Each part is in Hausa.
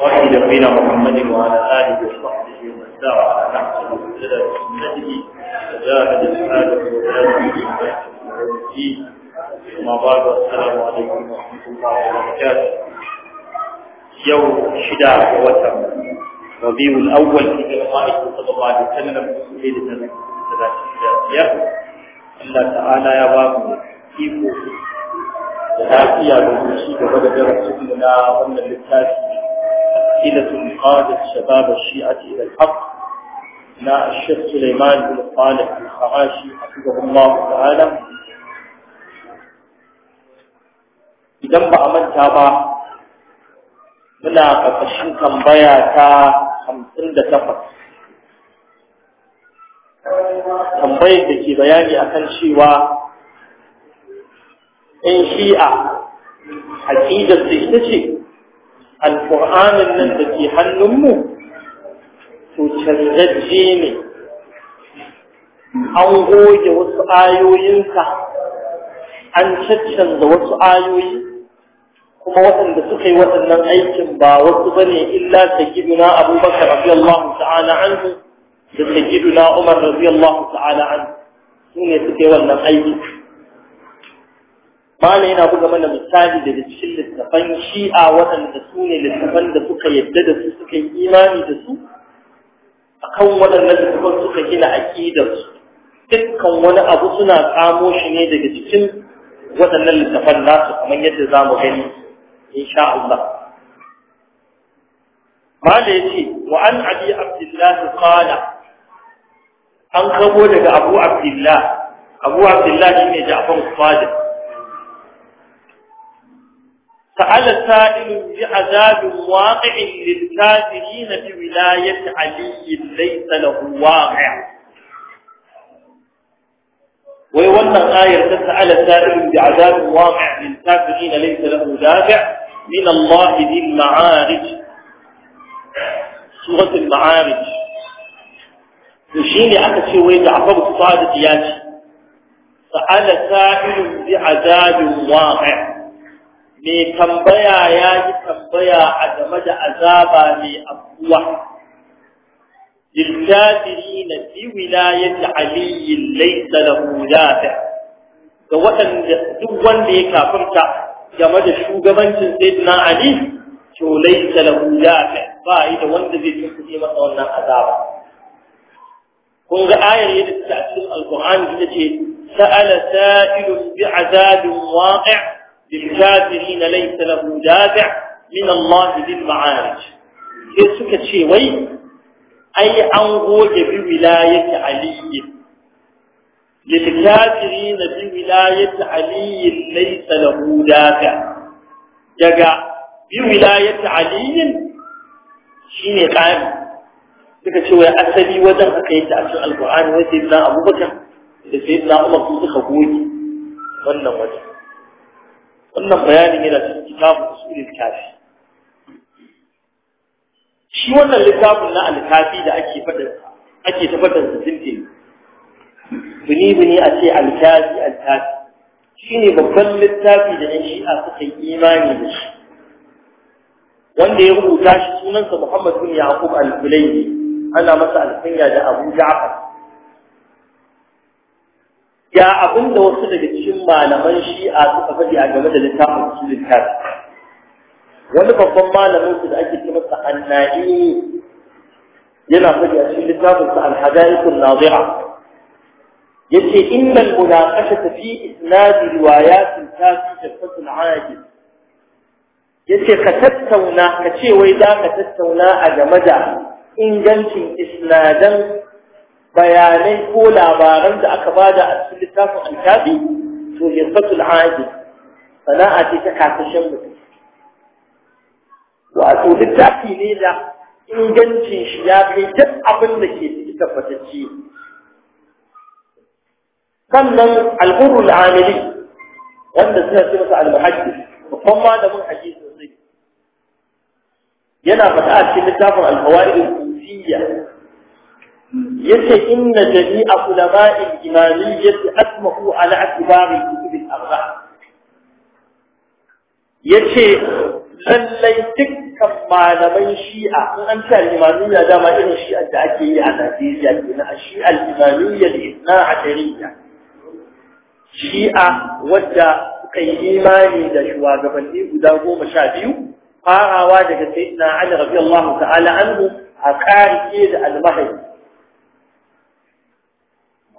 قائد نبينا محمد وعلى آله وصحبه ومن على نحسه وسلم بسنته وجاهد الحاجة وجاهد الدين وما بعد والسلام عليكم الله وبركاته يوم شدة وتم ربيع الأول في رسائله صلى الله عليه وسلم ليلة الثلاثية الله تعالى يا باب كيف الثلاثية بالمشيك وبدأ رسولنا ضمن للثلاثية أسئلة قادت شباب الشيعة إلى الحق لا الشيخ سليمان بن الصالح الخراشي حفظه الله تعالى إذا ما أمنت ba muna ƙarƙashin tambaya ta hamsin da takwas tambayar da ke bayani akan cewa in shi'a aƙidar da ita ce alƙur'anin nan da ke hannunmu to canjajje ne an goge wasu ayoyinsa an caccanza wasu ayoyi kuma waɗanda suka yi waɗannan aikin ba wasu bane illa ta sayyiduna abubakar radiyallahu ta'ala anhu da ta sayyiduna umar radiyallahu ta'ala su ne suka yi wannan aiki mala yana buga mana misali da cikin littafan shi'a waɗanda su ne littafan da suka yadda da su suka yi imani da su a kan waɗannan littafan suka gina aƙidar su. dukkan wani abu suna tsamo shi ne daga cikin waɗannan littafan nasu kamar yadda za mu gani insha Allah mala yace wa an abi abdullah qala an kabo daga abu abdullah abu abdullah shine ja'far sadiq سأل سائل بعذاب واقع للكافرين في ولاية علي ليس له واقع ويولى آية سأل سائل بعذاب واقع للكافرين ليس له دافع من الله ذي المعارج سورة المعارج وشيني عكس في ويدي عفو صعادة فأنا سائل بعذاب واقع مي كمبيا ياتي كمبيا عدمج عذابا لي أقوى للكافرين في ولاية علي ليس له دافع فوأن دوان لي كافرك game da shugabancin sayyidina ali to laysa lahu dafi ba yi da wanda zai tunkuɗe masa wannan azaba kun ga ayar yadda take a cikin alqur'ani ita ce sa'ala sa'ilun bi'azabin waqi' lil-kafirin laysa lahu dafi min Allah bil ma'arij sai suka ce wai ai an goge bi wilayati aliyyi للكافرين بولاية علي ليس له دافع daga بولاية علي shine ƙari suka ce wai asali wajen aka yi ta a ta'asir alƙur'ani wai sai na abubakar da sai na umar su suka goge wannan wajen wannan bayanin yana cikin kitabun usulul kafi shi wannan littafin na alkafi da ake fadar ake tabbatar da zinke bini bini a ce alkazi alkazi shine babban littafi da yan shi'a suka yi imani da shi wanda ya rubuta shi sunansa Muhammad bin Yaqub al ana masa alkunya da Abu Ja'far ya abinda wasu daga cikin malaman shi'a suka faɗi a game da littafin su littafi wani babban malamin su da ake ce masa annani yana faɗi a cikin littafin sa al-hadayithun nadira yace innal munaqashata fi isnad riwayat tafi jafatun ajil yace ka tattauna ka ce wai za ka tattauna a game da ingancin isnadan bayanai ko labaran da aka bada a cikin littafin alkafi to jafatun ajil sana'a ce ta kasashen mutum wato littafi ne da ingancin shi ya kai duk abin da ke ciki tabbatacce كمل البر العاملي عند سياسه مثل المحج ثم ده من حديث الزي ينا فتاه في كتاب الفوائد الفنسيه يتي ان جميع علماء الايمانيه اسمحوا على اعتبار الكتب الاربعه يتي لن تكم معلم الشيعه من انت الايمانيه دام ان الشيعه ده اكي على دين الشيعه الايمانيه الاثنا عشريه shi'a wadda suka yi imani da shugabanni guda goma sha biyu farawa daga sayyidina Ali radiyallahu ta'ala anhu a karike da al-mahdi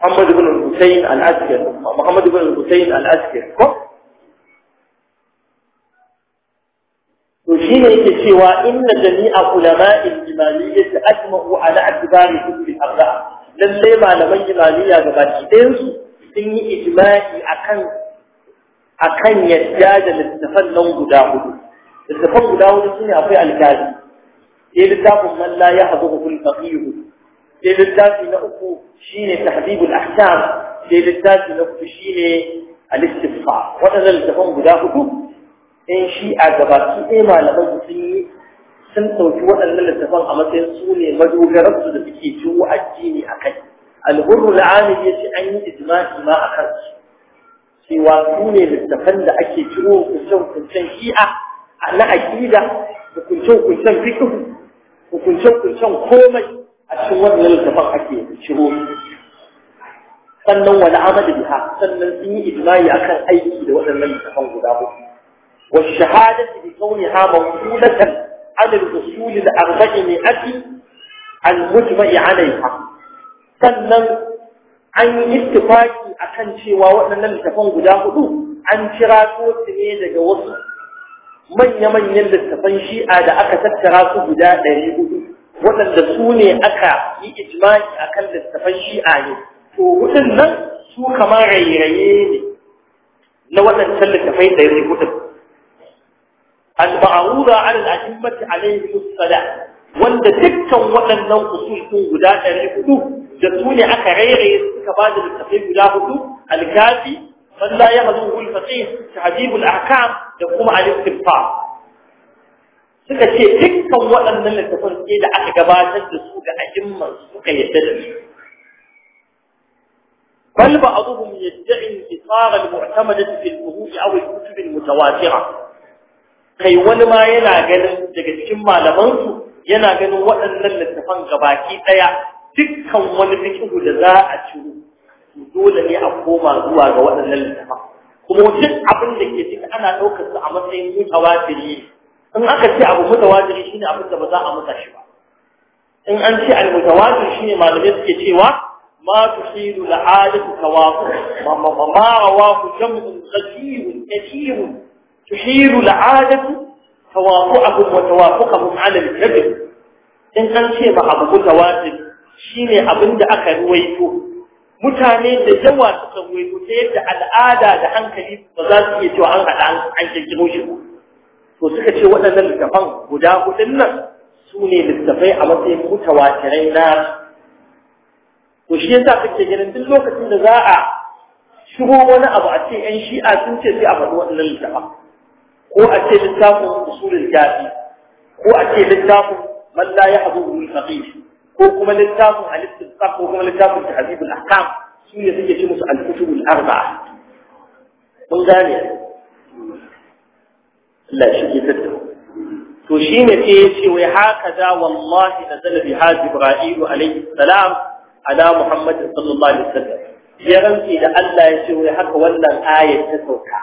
Muhammad ibn Hussein al-Askari Muhammad ibn Hussein al-Askari ko to shi ne yake cewa inna jami'a ulama'il imaniyyah asma'u ala i'tibari kulli arba'a lalle malaman imaniya gabaki ɗayan su sun yi ijma'i akan akan yadda da littafan nan guda hudu littafan guda hudu yi akwai alkazi sai littafin man la yahduhu kul faqih sai littafi na uku shi ne ta tahdibul ahkam sai littafi na uku shine al-istifsa Waɗannan littafan guda hudu in shi a gabaki ɗaya malaman sun yi sun ɗauki waɗannan littafan a matsayin su ne madogaransu da suke ciwo ne a kai الغر العامل يجي أن يجمع ما أخذ سوى كوني للتفند أكي تروه كل شو كل شيء شيئة على أكيدة وكل شو كل شيء فكه وكل شو كل شيء كومي الشهور للتفق أكي الشهور فنو العمل بها فنن إني إجمع أخر أي كيد وأن من تفند دابه والشهادة بكونها موجودة على الوصول الأربع مئة المجمع عليها sannan an yi istifaki akan cewa waɗannan littafan guda hudu an kira su ne daga wasu manya-manyan littafan shi'a da aka tattara su guda ɗari hudu waɗanda su ne aka yi ijma'i akan littafan shi'a ne to hudun nan su kamar rairaye ne na waɗancan littafai ɗari hudu al-ma'rura 'ala al-a'immati 'alayhi as wanda dukkan waɗannan usul ko guda ɗari hudu da su ne aka rairaye suka ba da littafai guda hudu alkafi man la yahzuhu al-faqih tahdibul ahkam da kuma al-istifar suka ce dukkan waɗannan littafan sai da aka gabatar da su ga a'imman suka yadda da su بل بعضهم يدعي انتصار المعتمدة في الفهوم أو الكتب المتواترة كي ولما ينعجل تجد كما لمنصب yana ganin waɗannan littafan gabaki ɗaya dukkan wani fikihu da za a ciro dole ne a koma zuwa ga waɗannan littafan kuma duk abin da ke cikin ana ɗaukar su a matsayin mutawatiri in aka ce abu mutawatiri shine abin da ba za a musa shi ba in an ce al-mutawatir shine malamai suke cewa ما تحيل العالم كواكب ما رواه جمع كثير كثير تحيل العادة tawafu'ahum wa tawafuqahum 'ala al-kadhib in an ce ba abu tawafin shine abin da aka ruwaito mutane da yawa suka ruwaito ta yadda al'ada da hankali ba za su iya cewa an hada an kirkiro shi to suka ce waɗannan littafan guda hudun nan su ne littafai a matsayin mutawatirai na to shi yasa kake ganin duk lokacin da za a shigo wani abu a ce yan shi'a sun ce sai a faɗi waɗannan littafan ko a ce littafin usulul kafi ko a ce littafin man la yahduhu al-faqih ko kuma littafin al-istisqa ko kuma littafin tahdhib al-ahkam su ne suke ce musu al-kutub al-arba'a mun gane Allah shi ke tattau to shi ne sai ya ce wai haka da wallahi na zala bi hajji ibrahimu salam ala muhammadin sallallahu alaihi wasallam ya rantsi da Allah ya ce wai haka wannan ayat ta sauka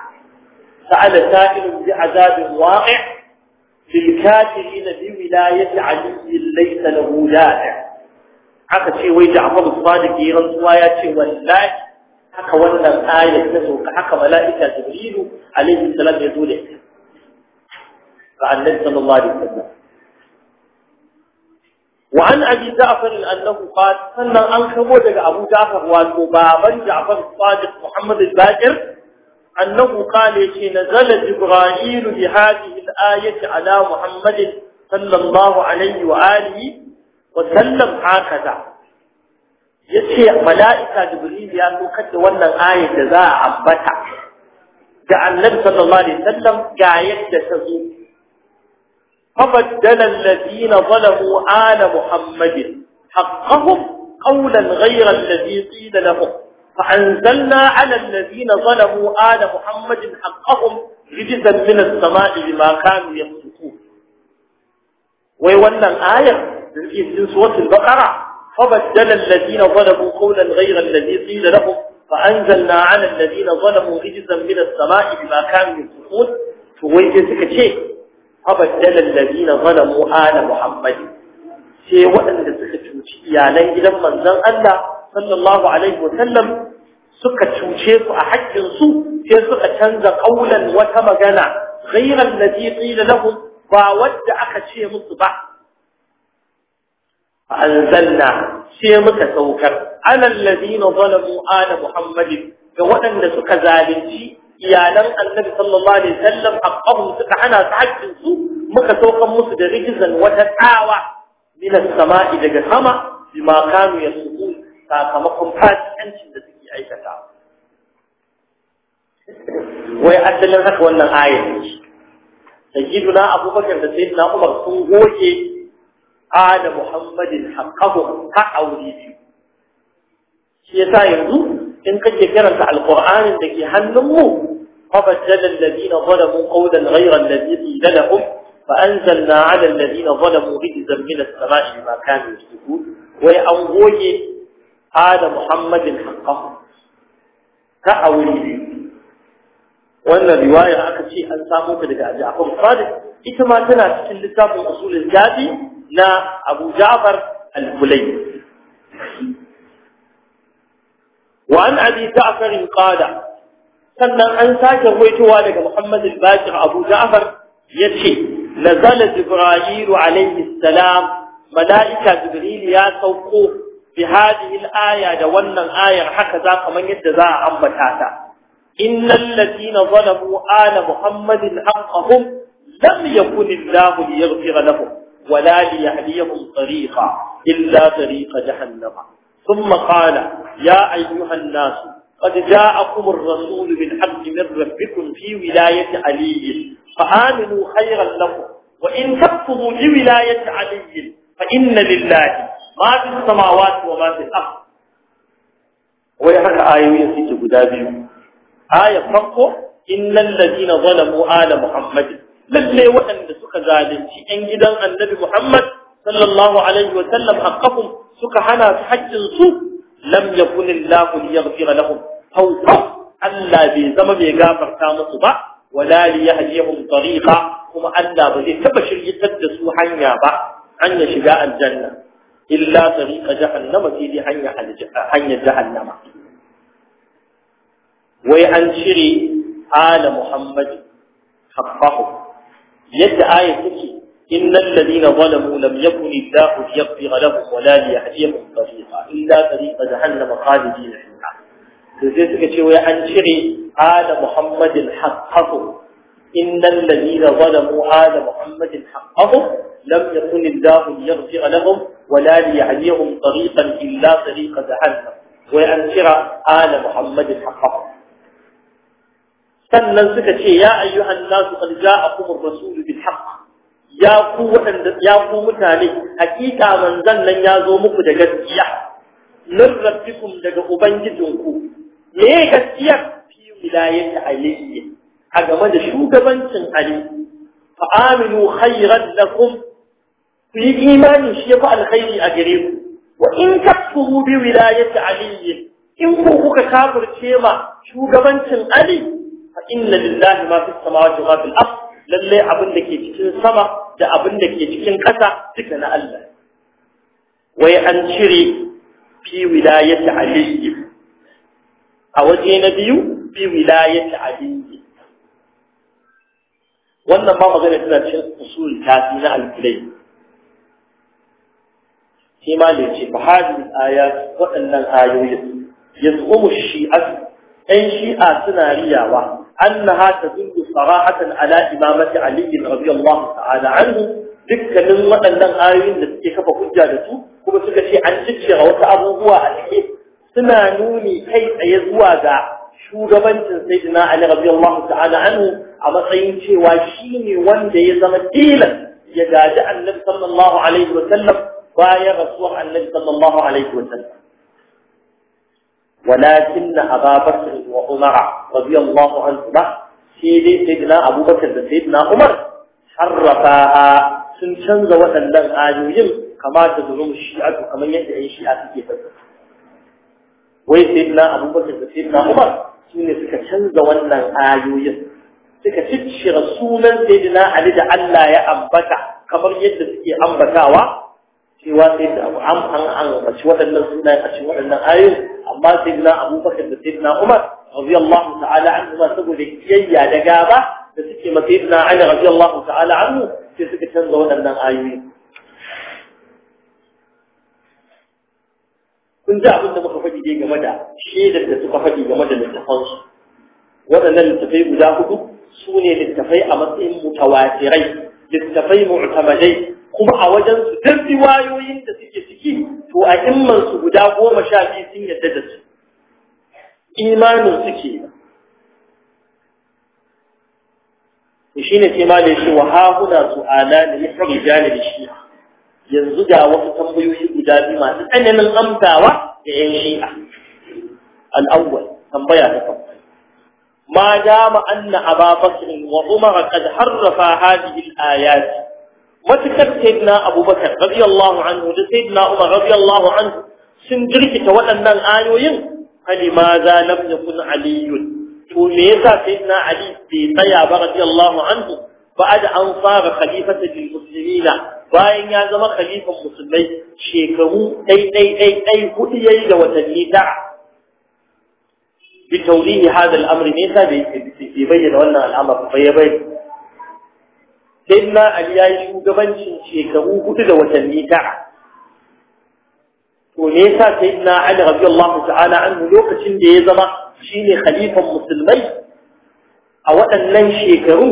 سأل سائل بعذاب واقع للكافرين بولاية علي ليس له دافع haka ce wai Ja'far Sadiq yi rantsuwa ya ce wallahi haka wannan ayat ta soka haka mala'ika Jibrilu alaihi salam ya zo da ita ga Annabi sallallahu alaihi wa an abi Ja'far annahu qala sannan an kabo daga Abuja Ja'far wato baban Ja'far Sadiq Muhammad al أنه قال يشي نزل جبرائيل بهذه الآية على محمد صلى الله عليه وآله وسلم هكذا يشي ملائكة جبريل يقول كد ولا آية جزاء عبتا جعل النبي صلى الله عليه وسلم قايد تزو فبدل الذين ظلموا آل محمد حقهم قولا غير الذي قيل لهم فأنزلنا على الذين ظلموا آل محمد حقهم رجزا من السماء بما كانوا يفسقون ويولى الآية من سورة البقرة فبدل الذين ظلموا قولا غير الذي قيل لهم فأنزلنا على الذين ظلموا رجزا من السماء بما كانوا يفسقون فويجزك شيء فبدل الذين ظلموا آل محمد sai waɗanda suka cuci iyalan gidan manzon Allah sallallahu alaihi wasallam suka cuce su a haƙƙinsu sai suka canza ƙaulan wata magana ghairan ladhi qila lahum ba wadda aka ce musu ba anzalna sai muka saukar Anan ladina zalamu ala muhammadin ga waɗanda suka zalunci iyalan annabi sallallahu alaihi wasallam haqqahum suka hana su haƙƙinsu muka saukar musu da rigizan wata tsawa min as-sama'i daga sama bima kanu yasqun sakamakon fasikancin da suke aikata wai asalin haka wannan ayar ne da giduna abubakar da sayyidina umar sun goge ada muhammadin haqqahu ka aure shi shi yasa yanzu in kake karanta alqur'anin da ke hannunmu fa bajjala alladhina zalamu qawlan ghayra alladhi lahum فأنزلنا على الذين ظلموا رجزا من السماء ما Wai an goge? ada muhammadin haqqahu ta aure ne. wannan riwaya aka ce an samu ta daga Ja'far Sadiq ita ma tana cikin littafin usulul jadi na Abu Ja'far al-Kulayni wa an abi Ja'far qala sannan an sake waitowa daga Muhammad al-Baqir Abu Ja'far yace nazala Jibril alayhi salam malaika Jibril ya sauko في هذه الآية دوانا الآية حكذا فمن يدزاء بتاتا إن الذين ظلموا آل محمد حقهم لم يكن الله ليغفر لهم ولا ليهديهم طريقا إلا طريق جهنم ثم قال يا أيها الناس قد جاءكم الرسول من من ربكم في ولاية علي فآمنوا خيرا لكم وإن تبقوا في علي فإن لله ma fi samawati wa ma fi al-ard wai haka ayoyin suke guda biyu aya farko innal ladina zalamu ala muhammadin lalle waɗanda suka zalunci ‘yan gidan annabi Muhammad sallallahu Alaihi wasallam haƙaƙun suka hana su haƙƙinsu lam ya kunin lahun ya gafira lahun hauka Allah bai zama mai gafarta musu ba wala li yahdihum tariqa kuma Allah ba zai taba shiryatar da su hanya ba hanya shiga aljanna illa tariqa jahannama sai dai hanya hanya jahannama wai an cire ala muhammad habbahu yadda aya take innal ladina zalamu lam yakun illahu yaghfir lahum wa la yahdihim tariqa illa tariqa jahannama khalidina fiha to sai suka ce wai an cire ala muhammadin habbahu إن الذين ظلموا آل محمد حقهم لم يكن الله ليغفر لهم ولا ليعليهم طريقا إلا طريق جهنم وأنشر آل محمد حقه سنن سكتي يا أيها الناس قد جاءكم الرسول بالحق يا قوة يا قوة متالي حقيقة من ذن لن يازومك دقاتيا من ربكم دقوبان جدنكو ليكتيا في ولاية عليه أجمد شوكبان تنعلي فآمنوا خيرا لكم ku yi imanin shi ya fi alkhairi a gare ku wa in takfuru bi wilayati ali in ku kuka kafirce ma shugabancin ali fa inna lillahi ma fi samawati wa fil ard lalle abin da ke cikin sama da abin da ke cikin ƙasa duka na Allah wai an cire fi wilayati ali a waje na biyu fi wilayati ali wannan ba magana tana cikin usul tafi na al shi ma da ce fa hadin aya waɗannan ayoyin shi shi'a ɗan shi'a suna riyawa annaha tadullu sarahatan ala imamati ali radiyallahu ta'ala anhu dukkanin waɗannan ayoyin da suke kafa hujja da su kuma suka ce an ciccira wasu abubuwa a ciki suna nuni kai tsaye zuwa ga shugabancin saidina ali radiyallahu ta'ala anhu a matsayin cewa shine wanda ya zama tilas ya gaji annabi sallallahu alaihi wa sallam bayan rasuwar annabi sallallahu alaihi wa sallam ولكن أبا بكر وعمر رضي الله عنهما سيدي سيدنا أبو بكر وسيدنا عمر حرفاها sun canza waɗannan ayoyin kamata da zuwa shi'atu kamar yadda ‘yan shi'a suke fassara. Wai sai abubakar da sai Umar su ne suka canza wannan ayoyin. Suka ciccira sunan sai na Ali da Allah ya ambata kamar yadda suke ambatawa cewa sai da abu an an an bace waɗannan suna a cikin waɗannan ayoyin amma sai na abubakar da sai na umar radiyallahu ta'ala an ma saboda kiyayya da gaba da suke ma sai na ali radiyallahu ta'ala anhu sai suka canza waɗannan ayoyi kun ji abin da muka faɗi dai game da shaidar da suka faɗi game da littafansu waɗannan littafai guda hudu su ne littafai a matsayin mutawatirai littafai mu'tamadai kuma a wajen su duk riwayoyin da suke ciki to a imman su guda goma sha biyu sun yadda da su imanin suke shi ne kima da shi wa hahuna su ala da ya mutane jani da shi yanzu ga wasu tambayoyi guda biyu masu tsananin amsawa da yan shi'a al-awwal tambaya ta kan ما دام أن أبا بكر وعمر قد حرفا هذه الآيات matukar sayyidina abubakar radiyallahu anhu da sayyidina umar radiyallahu anhu sun jirkita waɗannan ayoyin falima za lam yakun aliyun to me yasa sayyidina ali bai tsaya ba radiyallahu anhu بعد أن صار خليفة للمسلمين bayan ya zama khalifan musulmai shekaru ɗai ɗai ɗai ɗai hudu yayi da watanni da bi taurihi ne sa bai bayyana wannan al'amari bai bai sayyidina ali ya yi shugabancin shekaru hudu da watanni tara to me yasa sayyidina ali radiyallahu ta'ala anhu lokacin da ya zama shine khalifan musulmai a waɗannan shekaru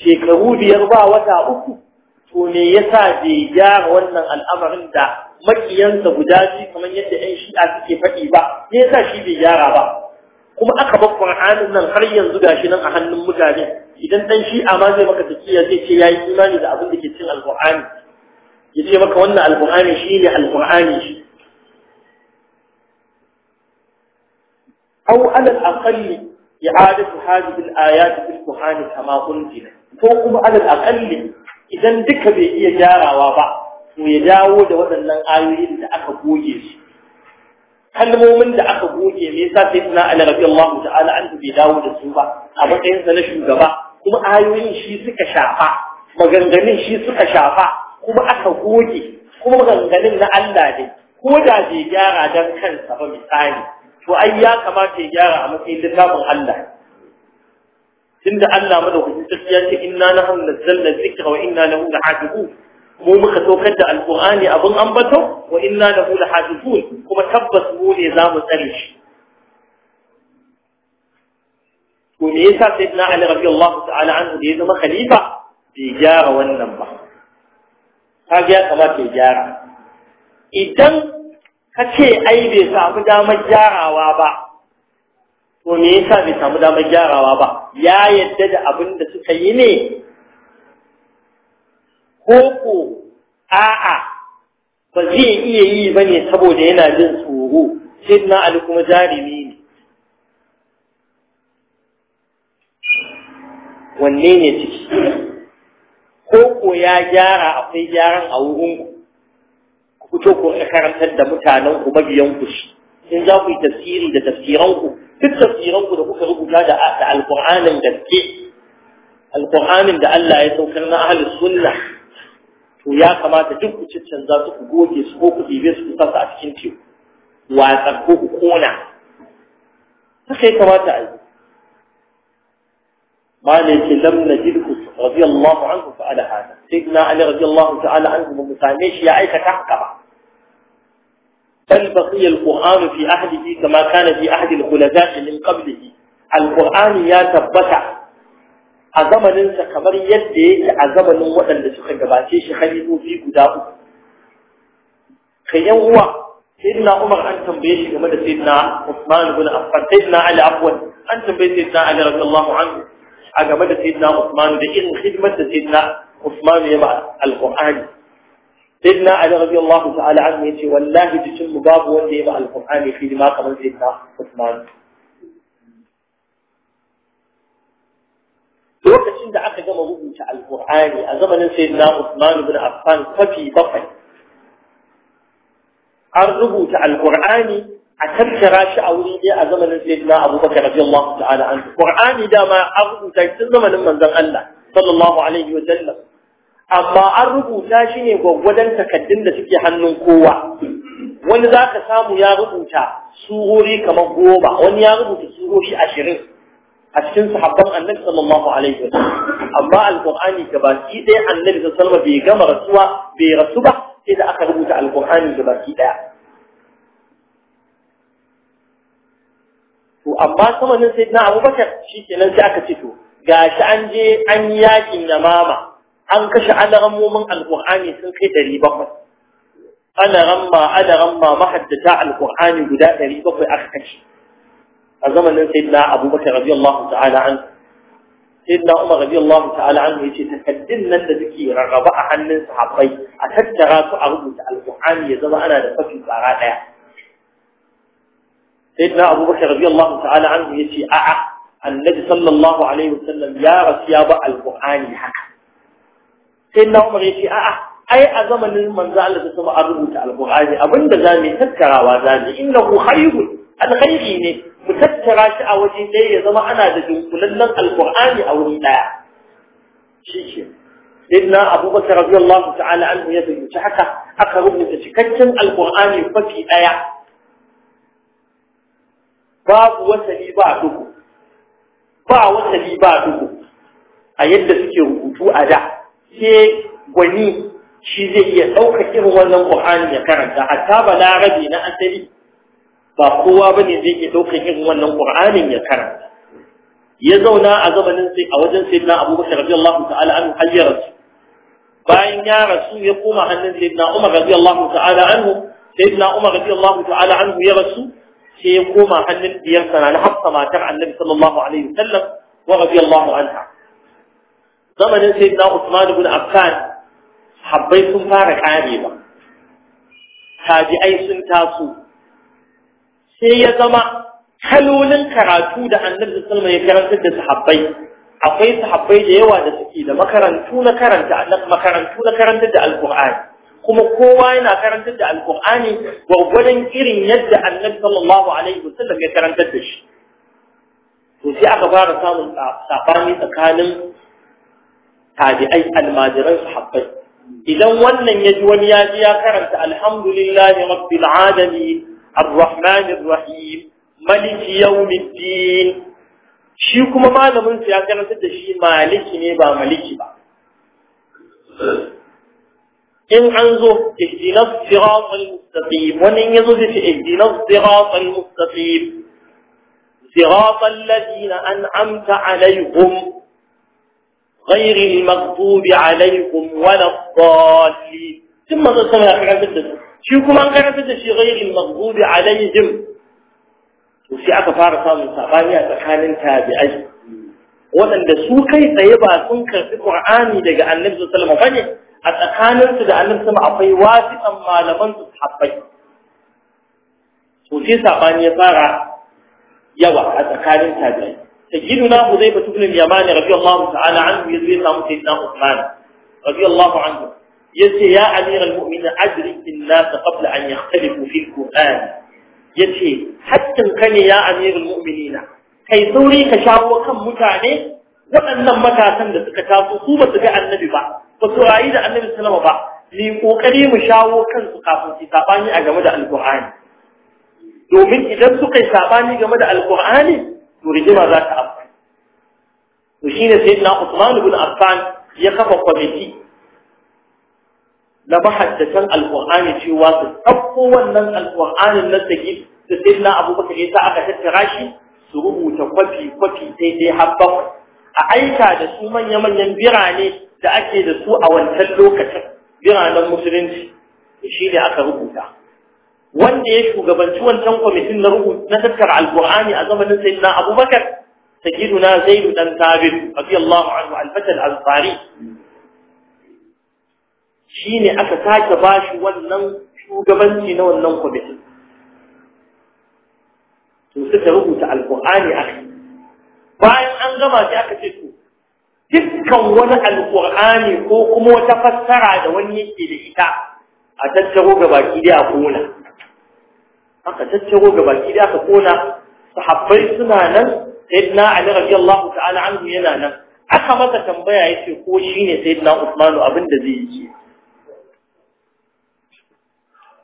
shekaru biyar ba wata uku to me yasa bai gyara wannan al'amarin da makiyansa guda biyu kamar yadda 'yan shi'a suke faɗi ba me yasa shi bai gyara ba kuma aka bar Qur'anin nan har yanzu gashi nan a hannun mutane idan dan shi amma zai maka tafiya zai ce yayi imani da abin da ke cikin Al-Qur'ani yace maka wannan Al-Qur'ani shine Al-Qur'ani shi aw ala al-aqall i'adatu hadhihi al-ayat fi al-Qur'an kama unzila ko kuma ala al-aqall idan duka bai iya gyarawa ba to ya dawo da waɗannan ayoyin da aka goge su kalmomin da aka goge me yasa sai suna ala rabbi Allah ta'ala an bai dawo da su ba a matsayin sa na shugaba kuma ayoyin shi suka shafa maganganun shi suka shafa kuma aka goge kuma maganganun na Allah ne ko da bai gyara dan kansa ba misali to ai ya kamata ya gyara a matsayin littafin Allah tunda Allah madaukakin sarki ya ce inna nahnu nazzalna dhikra wa inna lahu lahafizun mu muka saukar da alqur'ani abin ambato wa inna lahu lahafizun kuma tabbas mu ne zamu tsare shi to me yasa sayyidina ali radiyallahu ta'ala anhu da ya zama khalifa bai gyara wannan ba Ta ya kamata ya gyara idan ka ce ai bai samu damar gyarawa ba to me yasa bai samu damar gyarawa ba ya yadda da abin da suka yi ne Koko a'a ba zai iya yi ba ne saboda yana jin tsoro sai na ali kuma jarumi ne wanne ne ciki Koko ya gyara akwai gyaran a wurinku ku fito ku karantar da mutanen ku mabiyan ku shi in za ku yi tafsiri da tafsiran ku duk tafsiran ku da kuka rubuta da alqur'anin gaske alkur'anin da Allah ya saukar na ahlus sunna to ya kamata duk ku za su ku goge su ko ku ɗibe su ku sasa a cikin teku watsar ko ku kona haka ya kamata a yi malai ce lam najidku radiyallahu anhu fa'ala hada sayyidina ali radiyallahu ta'ala anhu ba mu same shi ya aikata haka ba بل بقي القرآن في أهله كما كان في أهل الخلفاء من قبله القرآن ya tabbata. a zamaninsa kamar yadda yake a zamanin waɗanda suka gabace shi halifofi guda uku Kayan uwa, uwa sayyidina Umar an tambaye shi game da sayyidina Usman ibn Affan sayyidina Ali afwan an tambaye sayyidina Ali radiyallahu anhu a game da sayyidina Usman da irin hidimar da sayyidina Usman ya ba al-Qur'ani sayyidina Ali radiyallahu ta'ala anhu yace wallahi cikin mu babu wanda ya ba al-Qur'ani hidima kamar sayyidina Usman lokacin da aka gama rubuta alkur'ani a zamanin sayyidina Usman ibn Affan kafi bakwai an rubuta alkur'ani a tattara shi a wuri ɗaya a zamanin sayyidina Abubakar radiyallahu ta'ala anhu Qur'ani dama an rubuta shi tun zamanin manzon Allah sallallahu alaihi wa sallam amma an rubuta shi ne gwaggwadon takaddun da suke hannun kowa wani za ka samu ya rubuta surori kamar goma wani ya rubuta surori ashirin a cikin sahabban annabi sallallahu alaihi wasallam amma alqur'ani gabaki ɗaya annabi sallallahu bai gama rasuwa bai rasu ba sai da aka rubuta alqur'ani gabaki ɗaya to amma samanin sayyidina abubakar shikenan sai aka ce to gashi an je an yakin yamama an kashe alarammomin alqur'ani sun kai 700 alaramma alaramma mahaddata alqur'ani guda bakwai aka kashe a zamanin sayyidina abubakar radiyallahu ta'ala an sayyidina umar radiyallahu ta'ala an yace takaddin nan da suke rarraba a hannun sahabbai a tattara su a rubuta alqur'ani ya zama ana da fafi tsara daya sayyidina abubakar radiyallahu ta'ala an yace a'a annabi sallallahu alaihi wasallam ya rasiya ba alqur'ani haka sayyidina umar yace a'a ai a zamanin manzo Allah ta sama an rubuta alqur'ani abinda zamu tattarawa zamu innahu khayrun alkhairi ne ku tattara shi a waje ɗaya ya zama ana da dunkulallen alƙur'ani a wuri ɗaya shi ke sayyidina abubakar radiyallahu ta'ala anhu ya fahimci haka aka rubuta cikakken alƙur'ani kwafi ɗaya babu wasali ba dugu ba wasali ba dugu a yadda suke rubutu a da sai gwani shi zai iya ɗaukar irin wannan ƙur'ani ya karanta hatta balarabe na asali ba kowa bane zai iya daukan irin wannan qur'anin ya karanta ya zauna a zamanin sai a wajen sayyidina abubakar radiyallahu ta'ala anhu har ya rasu bayan ya rasu ya koma hannun sayyidina umar radiyallahu ta'ala anhu sayyidina umar radiyallahu ta'ala anhu ya rasu sai ya koma hannun diyarsa na hafsa matar annabi sallallahu alaihi wasallam wa radiyallahu anha zamanin sayyidina usman ibn affan habbai sun fara karewa tabi'ai sun taso sai ya zama kalolin karatu da annabi sallallahu ya karanta da sahabbai akwai sahabbai da yawa da suke da makarantu na karanta makarantu na karanta da alqur'ani kuma kowa yana karantar da alqur'ani gwargwadon irin yadda annabi sallallahu alaihi wasallam ya karanta da shi to sai aka fara samun sabani tsakanin tabi'ai almajiran sahabbai idan wannan ya ji wani ya ji ya karanta alhamdulillahi rabbil alamin الرحمن الرحيم ملك يوم الدين شي كما مالمن سي اكنت ده شي مالك ني مالك با ان انزو اهدنا الصراط المستقيم ومن يزو في اهدنا الصراط المستقيم صراط الذين انعمت عليهم غير المغضوب عليكم ولا الضالين ثم تصلى ذكر اكنت ده shi kuma an karanta da shi ghairil maghdubi alaihim to sai aka fara samun sabani a tsakanin tabi'ai waɗanda su kai tsaye ba sun karɓi Qur'ani daga Annabi sallallahu alaihi wasallam bane a tsakanin su da Annabi sallallahu alaihi wasallam akwai wasiƙan malaman su sahabbai to sai sabani ya fara yawa a tsakanin tabi'ai sayyiduna Hudayfa ibn al-Yaman radiyallahu ta'ala anhu yazo ya samu sayyidina Uthman radiyallahu anhu yace ya amiral mu'minin ajri bin nas qabla an yakhtalifu fil qur'an yace hakkin ka ne ya amiral na. kai sauri ka shawo kan mutane waɗannan matasan da suka taso su ba su ga annabi ba ba su rayu da annabi sallama ba ni kokari mu shawo kansu kafin su sabani a game da alqur'ani domin idan suka yi sabani game da alqur'ani to rigima za ta afka to shine sayyidina Usman ibn Affan ya kafa kwamiti na mahaddatan Alƙur'ani cewa su ɗauko wannan alqur'anin na sagi da sayyidina abubakar ya sa aka tattara shi su rubuta kwafi kwafi daidai har bakwai a aika da su manya-manyan birane da ake da su a wancan lokacin biranen musulunci da shi ne aka rubuta wanda ya shugabanci wancan kwamitin na rubuta na tattara Alƙur'ani a zamanin sayyidina abubakar sayyiduna zaidu dan tabir radiyallahu anhu al-fatal shi ne aka sake ba shi wannan shugabanci na wannan kwamitin to suka rubuta alkur'ani a bayan an gama shi aka ce to dukkan wani alkur'ani ko kuma wata fassara da wani yake da ita a tattaro ga baki dai a kona aka tattaro ga baki dai a kona sahabbai suna nan sayyidina ali radiyallahu ta'ala anhu yana nan aka masa tambaya yace ko shine sayyidina usmanu abin da zai yi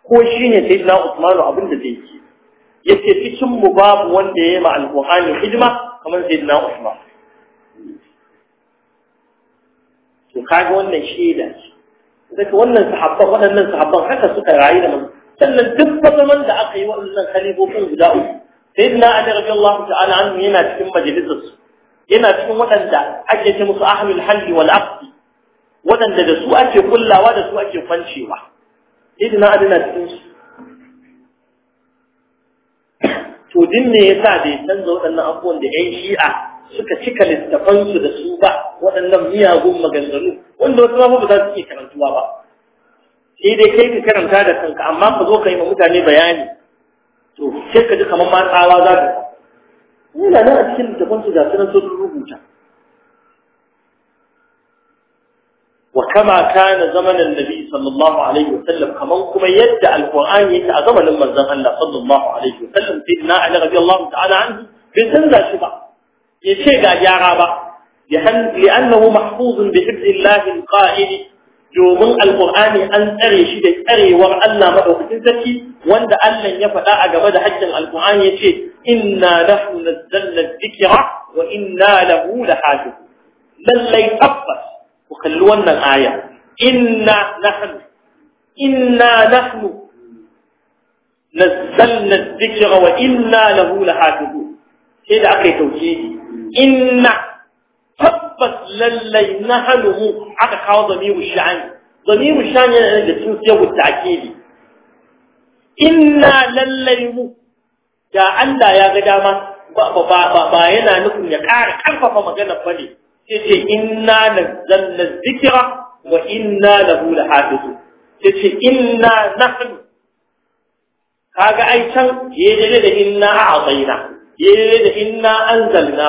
ko shine sayyidina Usmanu abin da zai yi yace cikin mu babu wanda ya yi ma alqur'ani hidima kamar sayyidina Usman to kaga wannan shaida ce daga wannan sahabban waɗannan sahabban haka suka rayu da manzo sannan duk zaman da aka yi waɗannan khalifofin guda uku sayyidina Ali Allah ta'ala anhu yana cikin majalisarsu yana cikin waɗanda ake ce musu ahlul halli wal aqdi waɗanda da su ake kullawa da su ake kwancewa idina adina cikin su to din ne yasa da ya canza waɗannan abubuwan da 'yan shi'a suka cika littafansu da su ba waɗannan miyagun maganganu wanda wasu ma ba za su iya karantuwa ba sai dai kai ka karanta da kanka amma ka zo ka yi ma mutane bayani to sai ka ji kamar matsawa tsawa za ka Ina nan a cikin littafansu su sunan sun rubuta Wa kama kana zamanin nabi sallallahu alaihi wa sallam kaman kuma yadda alqur'ani yake a zamanin manzon Allah sallallahu alaihi wa sallam sai na ali radiyallahu ta'ala anhu canza shi ba ya ce ga gyara ba لأنه محفوظ بحفظ الله القائل domin alkur'ani an tsare shi da tsarewar Allah madaukakin sarki wanda Allah ya faɗa a gaba da haƙƙin alkur'ani ya ce inna nahnu nazzalna dhikra wa inna lahu lahafizun lallai tabbas ku kalli wannan aya inna nahnu inna nahnu nazzalna adh-dhikra wa inna lahu lahafizun sai da aka yi tauhidi inna tabbas lallai nahnu mu aka kawo zamiru sha'ani zamiru sha'ani yana da cikin sai ta'kidi inna lallai mu da Allah ya ga dama ba yana nufin ya ƙara ƙarfafa ba ne. sai ce inna nazzalna adh-dhikra wa inna lahu lahafizu tace inna nahnu kaga ai can yaje da inna a'tayna yaje da inna anzalna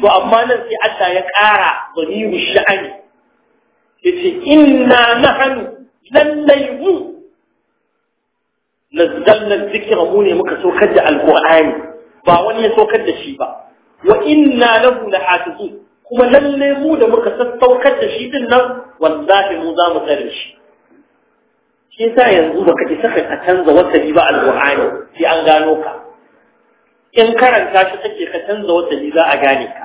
to amma nan sai Allah ya ƙara zamiru sha'ani yace inna nahnu lallai mu nazzalna dhikra mu ne muka saukar da alqur'ani ba wani ya saukar da shi ba wa inna lahu lahafizun kuma lalle mu da muka sassaukar da shi din nan wallahi mu za mu tsare shi shi sa yanzu ba kaji saka a canza wasali ba alqur'ani sai an gano ka in karanta shi take ka canza wasali za a gane ka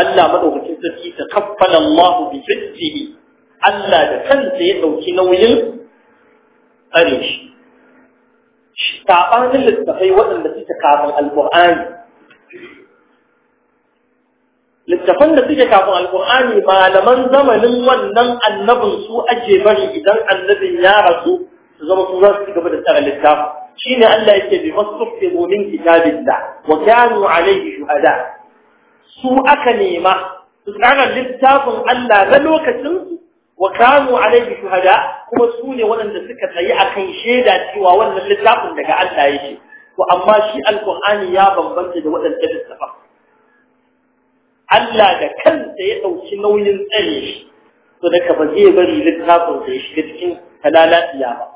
Allah madaukakin sarki ta kaffala Allah bi fittihi Allah da kansa ya dauki nauyin tsare shi sabanin littafai waɗanda suke kafin alqur'ani littafan da suke kafin alkur'ani malaman zamanin wannan annabin su ake bari idan annabin ya rasu su zama su za su gaba da tsara littafin shine Allah yake bi masrufu min kitabillah wa kanu alayhi shuhada su aka nema su tsara littafin Allah na lokacin wa kanu alayhi shuhada kuma su ne waɗanda suka tsayi akan shaida cewa wannan littafin daga Allah yake to amma shi alkur'ani ya bambanta da waɗanda littafin Allah da kansa ya ɗauki nauyin tsare shi to da ba zai bari littafin da ya shiga cikin halalatiya ba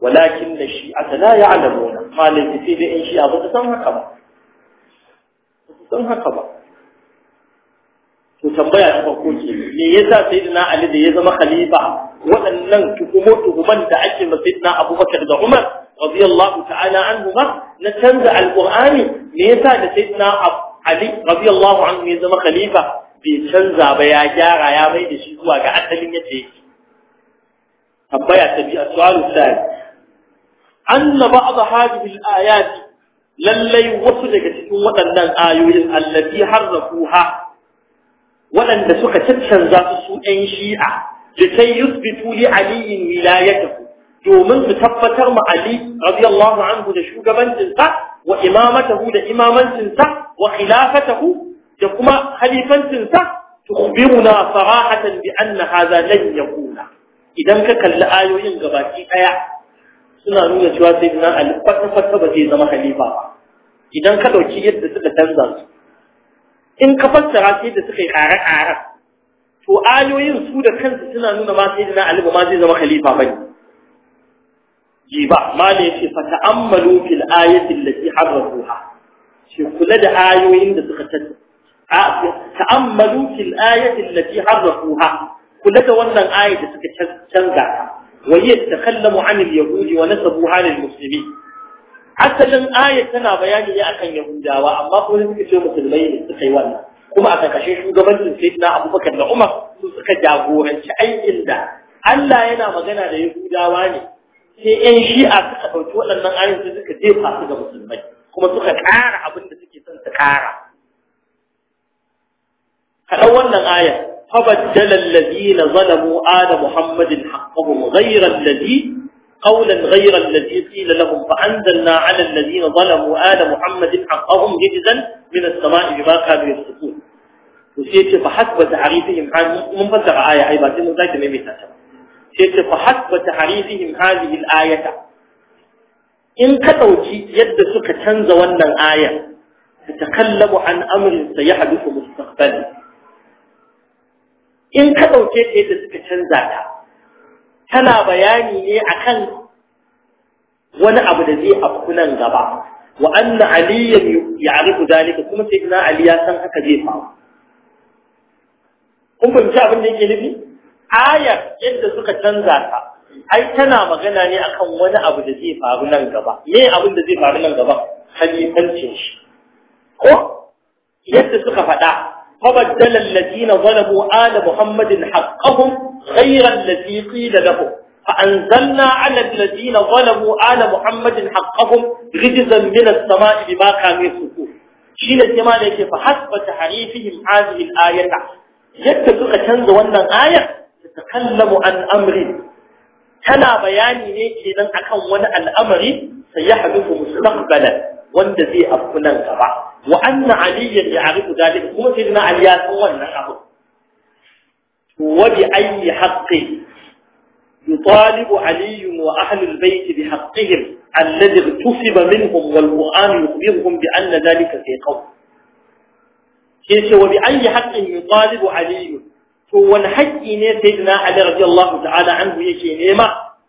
walakin da shi aka la ya alamuna malin sai da in shi abu ta san haka ba san haka ba to tambaya ta farko ce me yasa sayyidina Ali da ya zama khalifa waɗannan tuhumo da ake ma sayyidina Abubakar da Umar radiyallahu ta'ala anhu ba na canza alqur'ani me yasa da sayyidina ali Allahu anhu ya zama khalifa bai canza ba ya gyara ya mai da shi zuwa ga asalin yadda yake tambaya ta bi aswalu sai anna ba'd hadhihi al-ayat lallai wasu daga cikin waɗannan ayoyin da harrafuha waɗanda suka cancanza su su shi'a da sai yusbitu li aliyin wilayatahu domin su tabbatar ma Ali radiyallahu anhu da shugabancinsa wa imamatahu da imamancinsa wa khilafatahu da kuma halifancinsa tukhbiruna sarahatan bi anna hadha lan yakuna idan ka kalli ayoyin gabaki daya suna nuna cewa sai dina Ali kwata-kwata ba zai zama Khalifa ba idan ka ɗauki yadda suka canza su in ka fassara sai da suka yi ƙare-ƙaren to ayoyin su da kansu suna nuna ma sai dina Ali ba ma zai zama Khalifa ba ne jiba ma da yace fa ta'ammalu fil ayati allati harrafuha shi kula da ayoyin da suka tattauna ta'ammalu fil ayati allati harrafuha kula da wannan ayat da suka canza wa yatakallamu 'an al-yahudi wa nasabuha halin musulmi. asalin ayat tana bayani ne akan yahudawa amma ko suka ce musulmai ne suka yi wannan kuma a kakashin shugabancin sayyidina abubakar da umar su suka jagoranci aikin da Allah yana magana da yahudawa ne sai ‘yan shi'a suka ɗauki waɗannan ayin sai suka jefa su ga musulmai kuma suka ƙara abin da suke son su ƙara. Kaɗan wannan ayar, فبدل الذين ظلموا آل محمد حقهم غير الذي قولا غير الذي قيل لهم فأنزلنا على الذين ظلموا آل محمد حقهم جزا من السماء بما كانوا يفسقون وسيتي فحسب تعريفهم عن فسر آية عيبات من ذلك ميميتها sai ta fa hasba tahrifihim hadhihi al-ayata in ka dauki yadda suka canza wannan aya ta takallabu an amrin sayahduthu mustaqbal in ka dauke ta suka canza ta tana bayani ne akan wani abu da zai afku nan gaba wa anna aliyan ya'rifu dalika kuma sayyidina ali ya san haka zai faru kun fahimci abin da yake nufi ayar yadda suka canza ta ai tana magana ne akan wani abu da zai faru nan gaba me abin da zai faru nan gaba khalifancin shi ko yadda suka faɗa فبدل الذين ظلموا آل محمد حقهم غير الذي قيل لهم فأنزلنا على الذين ظلموا آل محمد حقهم رجزا من السماء بما كانوا يسكون شين الجمال فحسب تحريفهم هذه الآية yadda suka canza wannan ayar تتكلم عن أمر tana bayani ne kenan akan wani al'amari sai ya hadifu mustaqbala wanda zai afku nan gaba wa anna aliyan ya'rifu dalika kuma sai na ali ya san wannan abu an yi haƙƙi haqqi yutalibu ali wa ahli albayt bi haqqihim alladhi min minhum wal qur'an yukhbiruhum bi anna dalika fi qawl sai ce wa bi ayyi haqqin yutalibu Aliyu. to wani haƙƙi ne sayyidina ali radiyallahu ta'ala anhu yake nema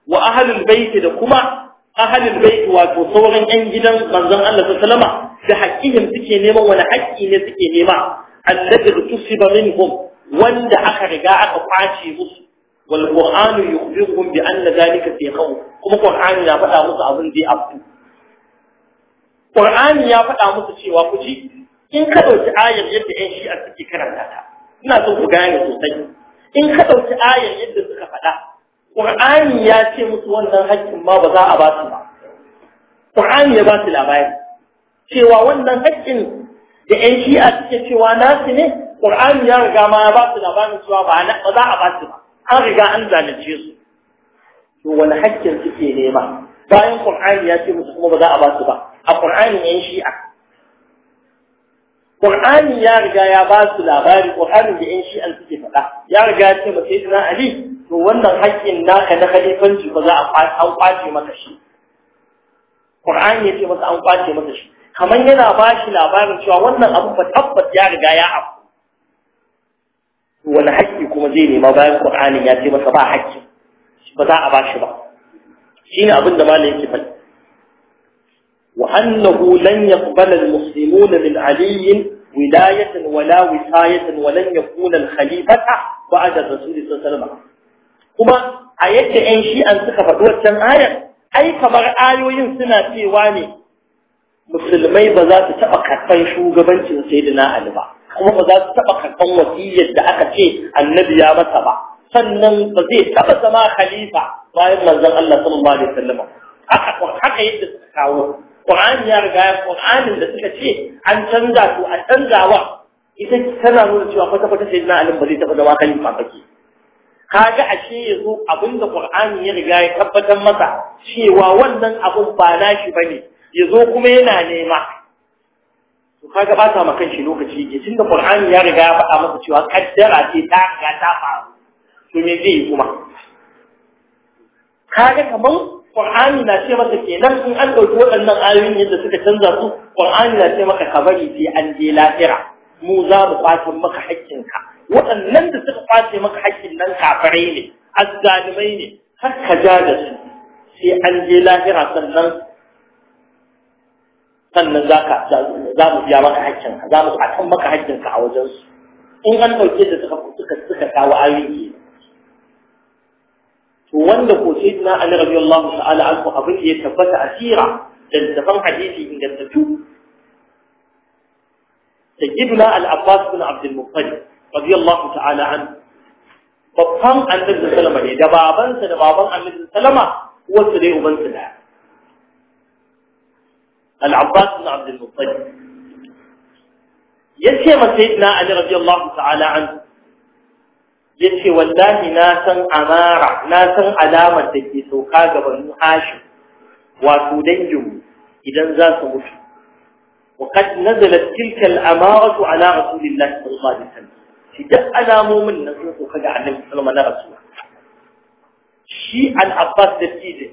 wa ahlul bait da kuma ahlul bait wato sauran yan gidan manzon Allah sallallahu da haƙƙihim suke nema wani haƙƙi ne suke nema alladhi tusiba minhum wanda aka riga aka kwace musu wal qur'anu yukhbiruhum bi anna dhalika fi khawf kuma qur'ani ya faɗa musu abin da ya afku qur'ani ya faɗa musu cewa ku ji in ka ɗauki ayar yadda yan shi'a suke karanta ta ina so ku gane sosai in ka ɗauki ayar yadda suka faɗa ƙur'ani ya ce musu wannan haƙƙin ma ba za a ba su ba ya ba su labari cewa wannan haƙƙin da ƴan shi'a suke cewa nasu ne ƙur'ani ya riga ma ya ba su labarin cewa ba za a ba su ba an riga an zalunce su to wani haƙƙin suke nema bayan ƙur'ani ya ce musu kuma ba za a ba su ba a ƙur'ani ƴan shi'a Qur'ani ya riga ya ba su labari Qur'ani da shi an suke faɗa ya riga ya ce ba sai sayyidina Ali to wannan haƙƙin naka na khalifanci ba za a an kwace maka shi Qur'ani ya ce masa an kwace maka shi kamar yana ba shi labarin cewa wannan abu fa tabbas ya riga ya abu wani haƙƙi kuma zai nema bayan Qur'ani ya ce masa ba haƙƙi ba za a ba shi ba shine abin da malamin yake faɗa وأنه لن يقبل المسلمون من علي ولاية ولا وصاية ولن يكون الخليفة بعد الرسول صلى الله عليه وسلم كما أيك أن شيء أن تخفى وكان آية أي كبر آيوين سنة سيواني musulmai ba za su taɓa karɓar shugabancin sayyidina Ali ba kuma ba za su taɓa karɓar wasiyyar da aka ce annabi ya masa ba sannan ba zai taɓa zama khalifa bayan manzon Allah sallallahu alaihi wasallam haka yadda suka kawo Qur'ani ya riga ya da suka ce an canza to a canzawa ita tana nuna cewa kwata kwata sai na alim ba zai taɓa zama Ka ga a ce yanzu abinda ƙur'ani ya riga ya tabbatar masa cewa wannan abun ba ne ya zo kuma yana nema to ga ba ta kan shi lokaci ne da ya riga ya faɗa masa cewa kaddara ce ta riga ta faru to me zai yi kuma kaga kaman Qur'ani na ce maka kenan in an ɗauki waɗannan ayoyin yadda suka canza su Qur'ani na ce maka ka bari sai an je lahira mu za mu kwace maka haƙƙinka waɗannan da suka kwace maka haƙƙin nan kafirai ne azzalimai ne har ka ja da su sai an je lahira sannan sannan za ka za mu biya maka haƙƙinka za mu kwatan maka haƙƙinka a wajensu in an ɗauke da suka suka kawo ayoyi to wanda ko sai na Ali radiyallahu ta'ala anhu abin da ya tabbata asira da tafan hadisi ingantattu sayyiduna al-Abbas bin Abd al-Muttalib babban annabi da babansa da baban annabi sallama wasu dai ubansa da al-Abbas bin Abd al-Muttalib yace ma sayyidina Ali radiyallahu yace wallahi na san amara na san alamar da ke sauka ga banu hashim wato danginmu idan za su mutu وقد نزلت تلك الأمارة على رسول الله صلى الله عليه وسلم شدق على مؤمن نزلت وقد علم صلى الله عليه وسلم شيء عن عباس نتيجة